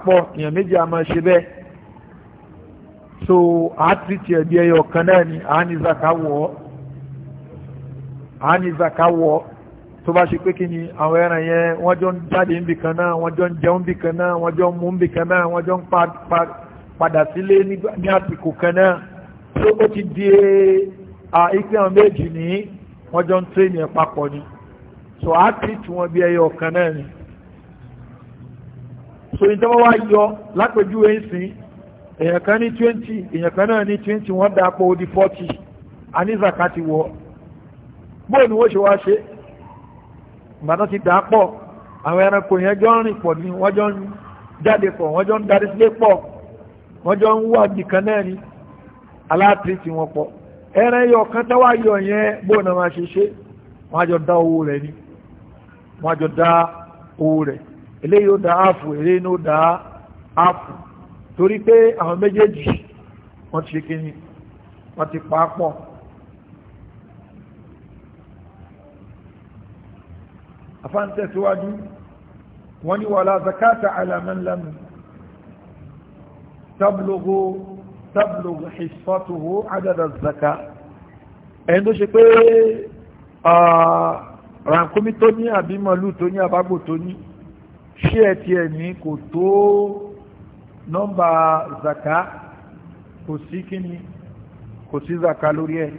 méjì á máa ṣe bẹ́ẹ̀ so a ti ẹyọ kan náà ni a ní tó bá ṣe pé kí ni àwọn ẹran yẹn wọ́n jọ ń jáde ń bì kan náà wọ́n jọ ń jẹun bì kan náà wọ́n jọ ń mú bì kan náà wọ́n jọ ń padà sílé ní àsìkò kan náà tó ó ti di ipe àwọn méjì ní wọ́n jọ ń tréni ẹ̀ papọ̀ ni so á tì tí wọ́n bí ẹyọ kan náà ni so ní tọ́wọ́ wá yọ lápèjúwe ń sìn èèyàn kan ní twenty èèyàn kan náà ní twenty wọ́n dà pọ̀ ó di forty àní zakati wọ̀ bóòlù wọ́n ṣe wá ṣe ìgbàna ti dà pọ̀ àwọn ẹranko yẹn jọ ń rìn pọ̀ ni wọ́n jọ ń jáde pọ̀ wọ́n jọ ń darí sílé pọ̀ wọ́n jọ ń wà nìkan náà ni aláàtì tí wọ́n pọ̀ ẹran yọ kan táwa yọ yẹn bó na máa ṣe ṣe wọ́n á jọ dá owó rẹ̀ ni wọ́n á jọ dá owó rẹ̀ eléyìí ó dá áàfù eléyìí ó dá áàfù torí pé àwọn méjèèjì wọ́n ti kí ni wọ́n ti pa á pọ̀. afán tẹ̀síwájú wọ́n ní wàlá zakata alaman lam tablughu tablughu hisfatuhu adada zaka ẹni tó ṣe pé rànkúmí tó ní àbí màlúù tó ní àbágbò tó ní ṣé ẹ tiẹ̀ ní kò tó nọ́mbà zaka kò sí kíni kò sí zaka lórí ẹ̀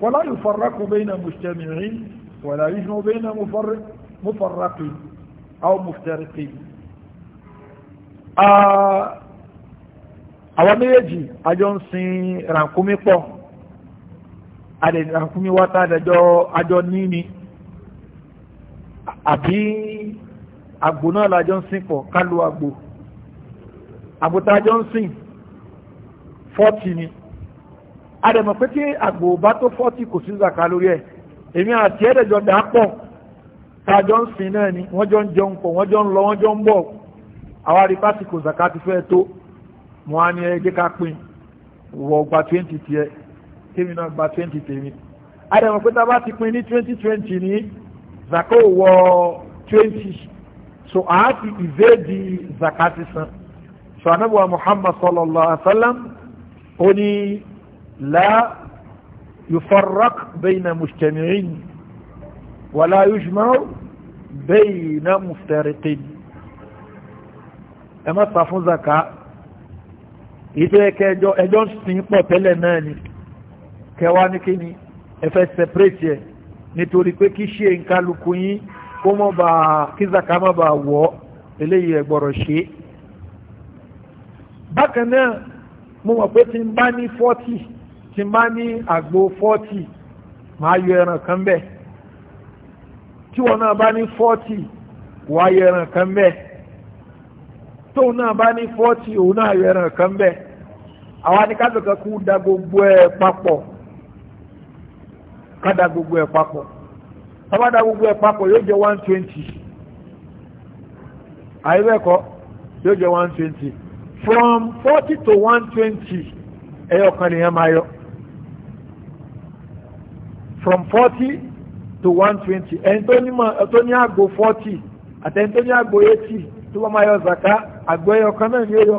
wọ́n láyò farakú bayna mujtami'in ولا يجمع بين مفرق مفرقين أو مفترقين àwọn méjèèjì àjọ ń sin rànkúmí pọ̀ àdè rànkúmí wá tá àjọ ní ni àbí àgbò náà lájọ ń sin pọ̀ kálu àgbò àgbòtájọ ń sin fọ́tì ni àdèmọ̀ pé tí àgbò bá tó fọ́tì kò sí zàkà lórí ẹ̀ èmi àti ẹ̀ẹ́dẹ̀jọ dà pọ̀ tájọ́ ń sin náà ni wọ́n jọ ń jẹun pọ̀ wọ́n jọ ń lọ wọ́n jọ ń bọ̀ àwa rí pásíkò zaka ti fẹ́ tó mo á ní ẹgbẹ́ ká pín wọ gba twenty tiẹ̀ tèmi náà gba twenty tèmi àdàmọ̀ pé tá a bá ti pín ní twenty twenty ní zaka ò wọ twenty so a ti di zaka ti san so anabuwa Muhammad sallallahu alaihi wa sallam ó ní la. يفرق بين مجتمعين ولا يجمع بين مفترقين ẹ má sá fún zaka ìtò ẹkẹ ẹjọ ẹjọ ń sìn pọ̀ tẹ́lẹ̀ náà ni kẹwa ní kíni ẹ fẹ́ separate ẹ nítorí pé kí ṣe nkálukú yín kó mọ bá kí zaka má bá wọ eléyìí ẹ gbọ́dọ̀ ṣe bákan náà mo mọ̀ pé tí n bá ní forty tí n bá ní àgbo fọ́tì máa yọ ẹran kan bẹ́ẹ̀ tí wọn náà bá ní fọ́tì wàá yọ ẹran kan bẹ́ẹ̀ tóun náà bá ní 40 òun náà yọ ẹran kan bẹ́ẹ̀ àwa ni ká bẹ̀kẹ́ kú da gbogbo ẹ̀ papọ̀ ká da gbogbo ẹ̀ papọ̀ tábà da gbogbo ẹ̀ papọ̀ yóò jẹ́ one twenty àyẹ̀wẹ̀kọ́ yóò jẹ́ one twenty from 40 to one twenty ẹ̀yọ̀ kan nìyẹn máa yọ. from forty to one twenty ẹni tó ní àgbo forty àtẹni tó ní àgbo eighty tó bá máa yọ zaka àgbo ẹyọ kan náà ní yọ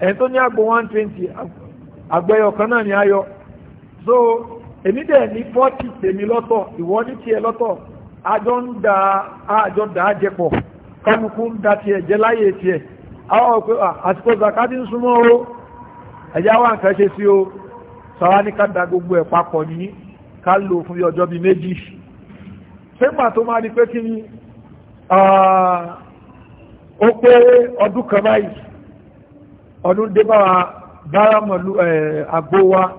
ẹni tó ní àgbo one twenty àgbo ẹyọ kan náà ní ayọ so èmi dẹ̀ ní forty tèmi lọ́tọ̀ ìwọ ní tiẹ̀ lọ́tọ̀ àjọ ń da àjọ dà á jẹ pọ̀ kánukú ń da tiẹ̀ jẹ láyé tiẹ̀ àwọn òpè àsìkò zakati ń súnmọ́ o ẹ̀jẹ̀ àwọn àǹkà ṣe sí o sọ wá ní ká da gbogbo ẹ̀ papọ̀ nìyí ká lò fún bí ọjọ́ bíi méjì pépà tó máa di pé kí ni ó pé ọdún kan báyìí ọdún dé báramọ̀lú àgbo wa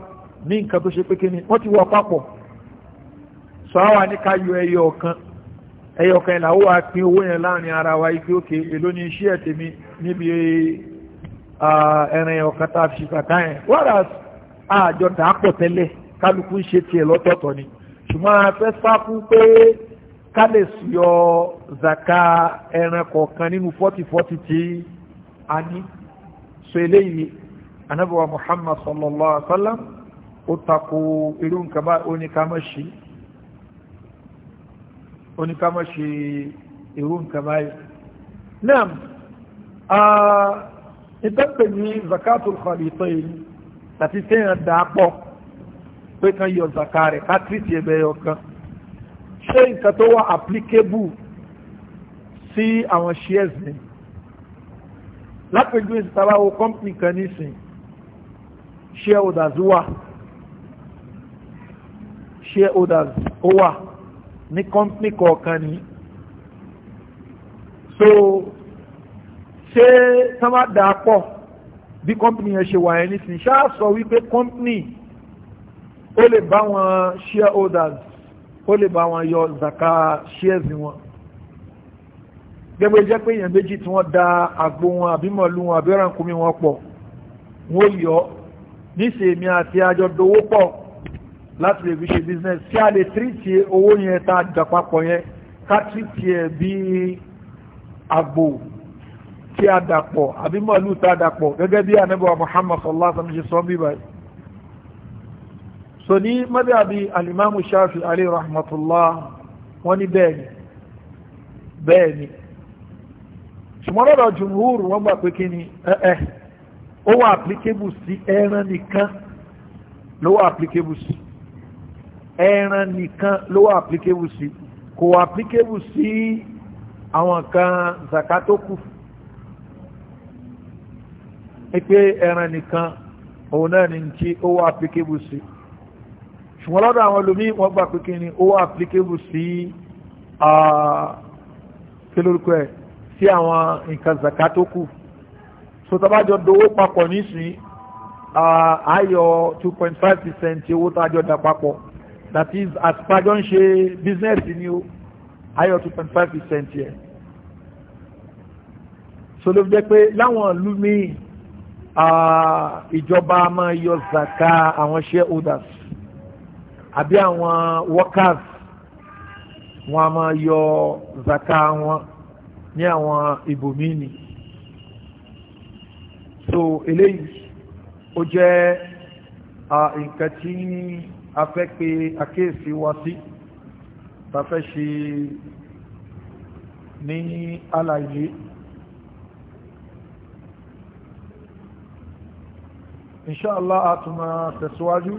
ní nǹkan tó ṣe pé kí ni wọ́n ti wọ papọ̀ sọ àwa ní ká yọ ẹyọ ọ̀kan ẹyọ ọ̀kan yẹn làwọn wà pín owó yẹn láàrin ara wa ife òkè èló ni iṣẹ́ ẹ̀tẹ̀mí níbi ẹran ẹyọ ọ̀kan tá a fi ṣe kàtá yẹn wọ́n rà àjọ dàápọ̀ tẹ́lẹ̀ kálukú ń ṣe tiẹ̀ lọ́tọ̀ọ̀tọ̀ ni ṣùgbọ́n a fẹ́ sá fún pé ká lè yọ zaka ẹran kọ̀ọ̀kan nínú fọ́tì tí a ní so eléyìí anábọ̀wá Muhammad sallallahu alaihi wa sallam ó takò irú nǹkan bá oníkàmọ́ṣe oníkàmọ́ṣe irú nǹkan báyìí náà ìtọ́pẹ̀ ní zakatul khalitayn tàbí tẹ́yàn dàápọ̀ pé kan yọ zaka rẹ̀ ká tírìtì ẹ̀bẹ̀ ẹyọ kan ṣé nǹkan tó wà applicable sí àwọn shares ni lápèjúwe ìsìtàbáwo company kan nísìn shareholders wà shareholders ó wà ní company kọ̀ọ̀kan ni so ṣé sábà dà pọ̀ bí company yẹn ṣe wà yẹn nísìn ṣáà sọ wípé company ó lè bá wọn shareholders ó lè bá wọn yọ zaka shares wọn gẹ́gbẹ́ jẹ́ pé èèyàn méjì tí wọ́n da àgbo wọn àbí mọ̀lú wọn àbí ránkúmi wọn pọ̀ wọ́n yọ níṣẹ́ èmi àti àjọ dowó pọ̀ láti lè fi ṣe business tí a lè tírìtì owó yẹn tá a jà papọ̀ yẹn ká tírìtì ẹ̀ bí àgbò tí a dàpọ̀ àbí tá a dàpọ̀ gẹ́gẹ́ bí anábọ̀ Muhammad sallallahu alaihi wa sallam ṣe sọ bíbáyìí so ní mọ́dàbí alimamu shafi alayhi rahmatullah wọ́n ní bẹ́ẹ̀ni bẹ́ẹ̀ni ṣùgbọ́n lọ́dọ̀ jùmúhùrù wọ́n gbà pé kí ni ẹ̀ẹ́ eh, eh, ó wà applicable sí ẹran nìkan ló wà applicable sí ẹran nìkan ló wà applicable sí kò wà applicable sí àwọn kan zakatoku ẹ pé ẹran nìkan òun náà ni tí ó wà applicable sí ṣùgbọ́n lọ́dọ̀ àwọn olómi wọ́n gbà pé kíni ó wà applicable sí kílórúkọ ẹ̀ sí àwọn nǹkan zaka tó kù so tabajọ dowó papọ̀ nísìnyí ayọ̀ 2.5 percent owó tájọ dà papọ̀ that is àtìpájọ́ ń ṣe business ni ó ayọ̀ 2.5 percent yẹn so ló fi jẹ́ pé láwọn ìlú míì ìjọba máa yọ zaka àwọn shareholders àbí àwọn workers wọn a máa yọ zaka wọn ní àwọn ibòmíì ni so eléyìí ó jẹ́ nǹkan tí a fẹ́ pe àkíyèsí wa sí ta fẹ́ ṣe ní àlàyé. inshallah a tún máa tẹ̀síwájú.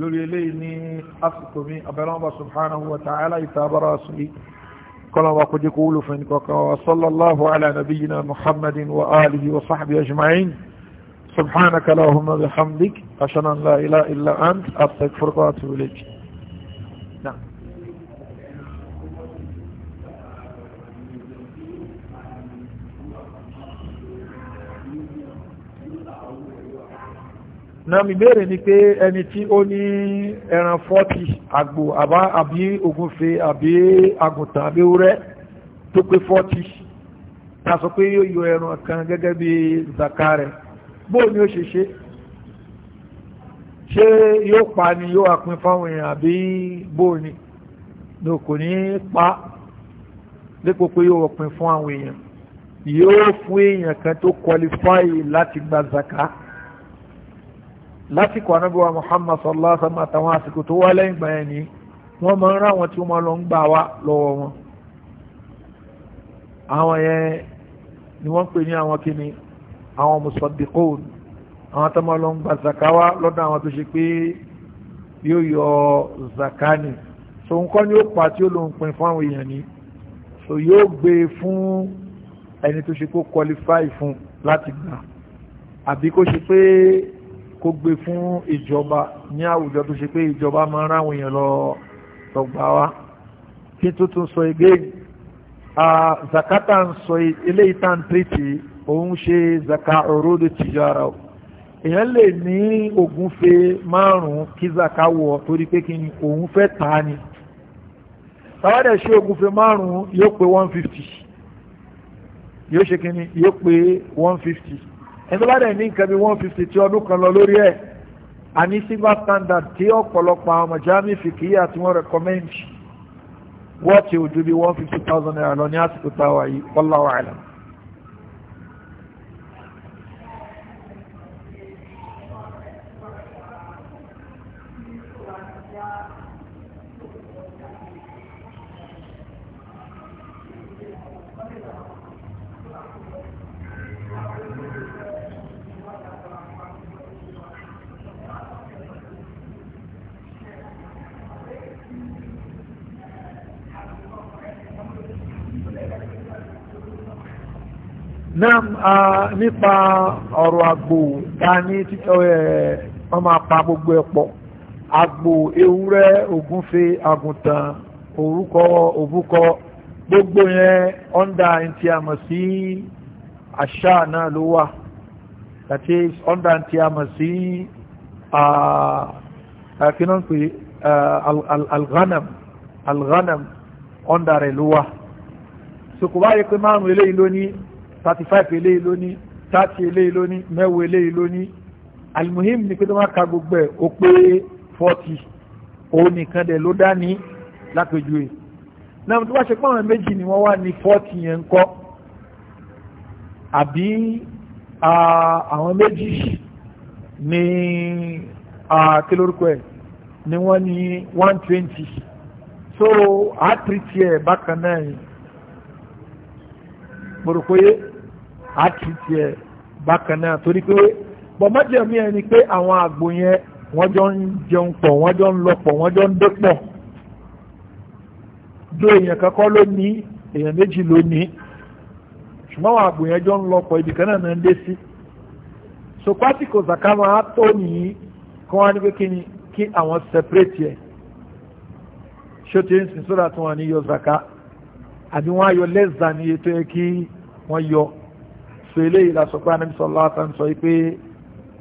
lórí eléyìí ní àsìkò mi abẹ́lọ́wọ́ subhanahu wa ta'ala ìtàbára sí kọlọ̀wà kò jẹ́ kó wúlò fún ẹnikọ̀kan wa sallallahu ala nabiyyina muhammadin wa alihi wa sahbihi ajma'in subhanaka lahumma bihamdik ashhadu an la ilaha illa ant astaghfiruka wa atubu ilayk náà mi béèrè ni pé ẹni tí ó ní ẹran fọ́tì àgbò àbá àbí ògúnfe àbí àgùntàn àbí ewúrẹ́ tó pé fọ́tì ta sọ pé yóò yọ ẹran kan gẹ́gẹ́ bí zaka rẹ̀ bóò ni ó ṣe ṣe ṣé yóò pa ni yóò apin fáwọn èèyàn àbí bóò ni ni kò ní pa dípò pé yóò apin fún àwọn èèyàn yóò fún èèyàn kan tó qualify láti gba zaka lásìkò anábíwá muhammad sallallahu alaihi wasallam àtàwọn àsìkò tó wá lẹ́yìn gbà yẹn ni wọ́n máa ń ráwọn tí wọ́n máa lọ ń gbà wá lọ́wọ́ wọn àwọn yẹn ni wọ́n pè ní àwọn kíni àwọn musaddiqun àwọn tó máa lọ ń gba zaka lọ́dọ̀ àwọn tó ṣe pé yóò yọ zaka ni so nǹkan ni ó pa tí ó lòun pin fún àwọn èèyàn ni so yóò gbé e fún ẹni tó ṣe kó qualify fún láti gbà àbí kó ṣe pé kó gbé fún ìjọba ní àwùjọ tó ṣe pé ìjọba máa ń ráwọn èèyàn lọ tọgbà wa kí tó tún sọ igé zakata ń sọ eléyìí tá ń òun ṣe zaka òróde tìjára o èèyàn lè ní ògúnfe márùn-ún kí zaka wọ torí pé kí ni òun fẹ́ tà á ni tàwádẹ̀ ṣe ògúnfe márùn-ún yóò pé 150 yóò ṣe kí ni yóò pé fifty ẹni tó bá dẹ̀ ní nǹkan bí one fifty tí ọdún kan lọ lórí ẹ̀ àní single standard tí ọ̀pọ̀lọpọ̀ àwọn mọ̀jáàmì fìkìyà tí wọ́n recommend wọ́ọ̀tì ojú bí one fifty thousand naira lọ ní àsìkò táwa yìí wallahu a'lam. náà nípa ọ̀rọ̀ àgbò ta ní wọ́n máa pa gbogbo ẹ̀pọ̀ àgbò ewúrẹ́ ògúnfe àgùntàn orúkọ òbúkọ gbogbo yẹn ọ́ndà ntí a mọ̀ sí àṣà náà ló wà that ọ́ndà ntí a mọ̀ sí àkínáńpé alghanam alghanam ọ́ndà rẹ̀ ló wà. sùkùbá yẹ pé márùn-ún eléyìí lónìí thirty five eléyìí lóní thirty eléyìí lóní mẹ́wọ́ eléyìí lóní alimuhim ni pé tó máa ka gbogbo ẹ̀ ó pé forty òun nìkan dẹ̀ ló dání lápèjúwe náà tó bá ṣe pọ́n méjì ni wọ́n wá ní forty yẹn ń kọ́ àbí àwọn méjì ní kí lórúkọ ẹ̀ ni wọ́n ní one twenty so àtìrìtì ẹ̀ bákan náà yìí gbòròkóyè àti tiẹ̀ bákan náà torí pé bọ̀mọ́jẹ̀mí ẹ ni pé àwọn àgbò yẹn wọ́n jọ ń jẹun pọ̀ wọ́n jọ ń lọ pọ̀ wọ́n jọ ń dé pọ̀ do èèyàn kankan ló ní èèyàn méjì ló ní ṣùgbọ́n àwọn àgbò yẹn jọ ń lọ pọ̀ ibì kan náà ń dé sí so pásíkò zaka máa tó nìyí kí wọ́n á ní pé kí ni kí àwọn separate yẹ ṣó ti ń sìn sódà tí wọ́n ní yọ zaka àbí wọ́n á yọ less than iye tó yẹ kí wọ́n yọ so eléyìí lásọpá ní sọlá tán sọ pé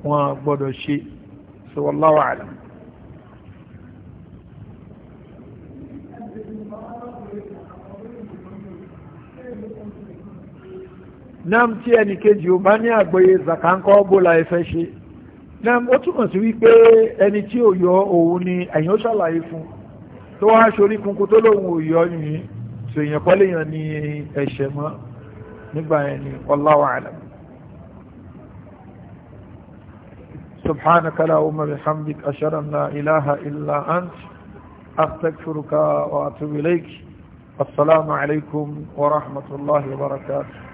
wọ́n gbọ́dọ̀ ṣe so wallahu alam nam tí ẹnì kejì ò bá ní àgbọ́yé zakankọ́ bóla ẹfẹ́ ṣe nam ó túmọ̀ sí wípé ẹni tí ò yọ òun ni ẹ̀yìn ó ṣàlàyé fún tó wá aṣorí kunkun tó lóun ò yọ yìnyín sèèyàn kọ́léyàn ní ẹ̀ṣẹ̀ mọ́ nígbà yẹn ni wallahu a'lam subhanaka allahumma bihamdik ashhadu an la ilaha illa ant astaghfiruka wa atubu ilayk assalamu alaykum wa rahmatullahi wa barakatuh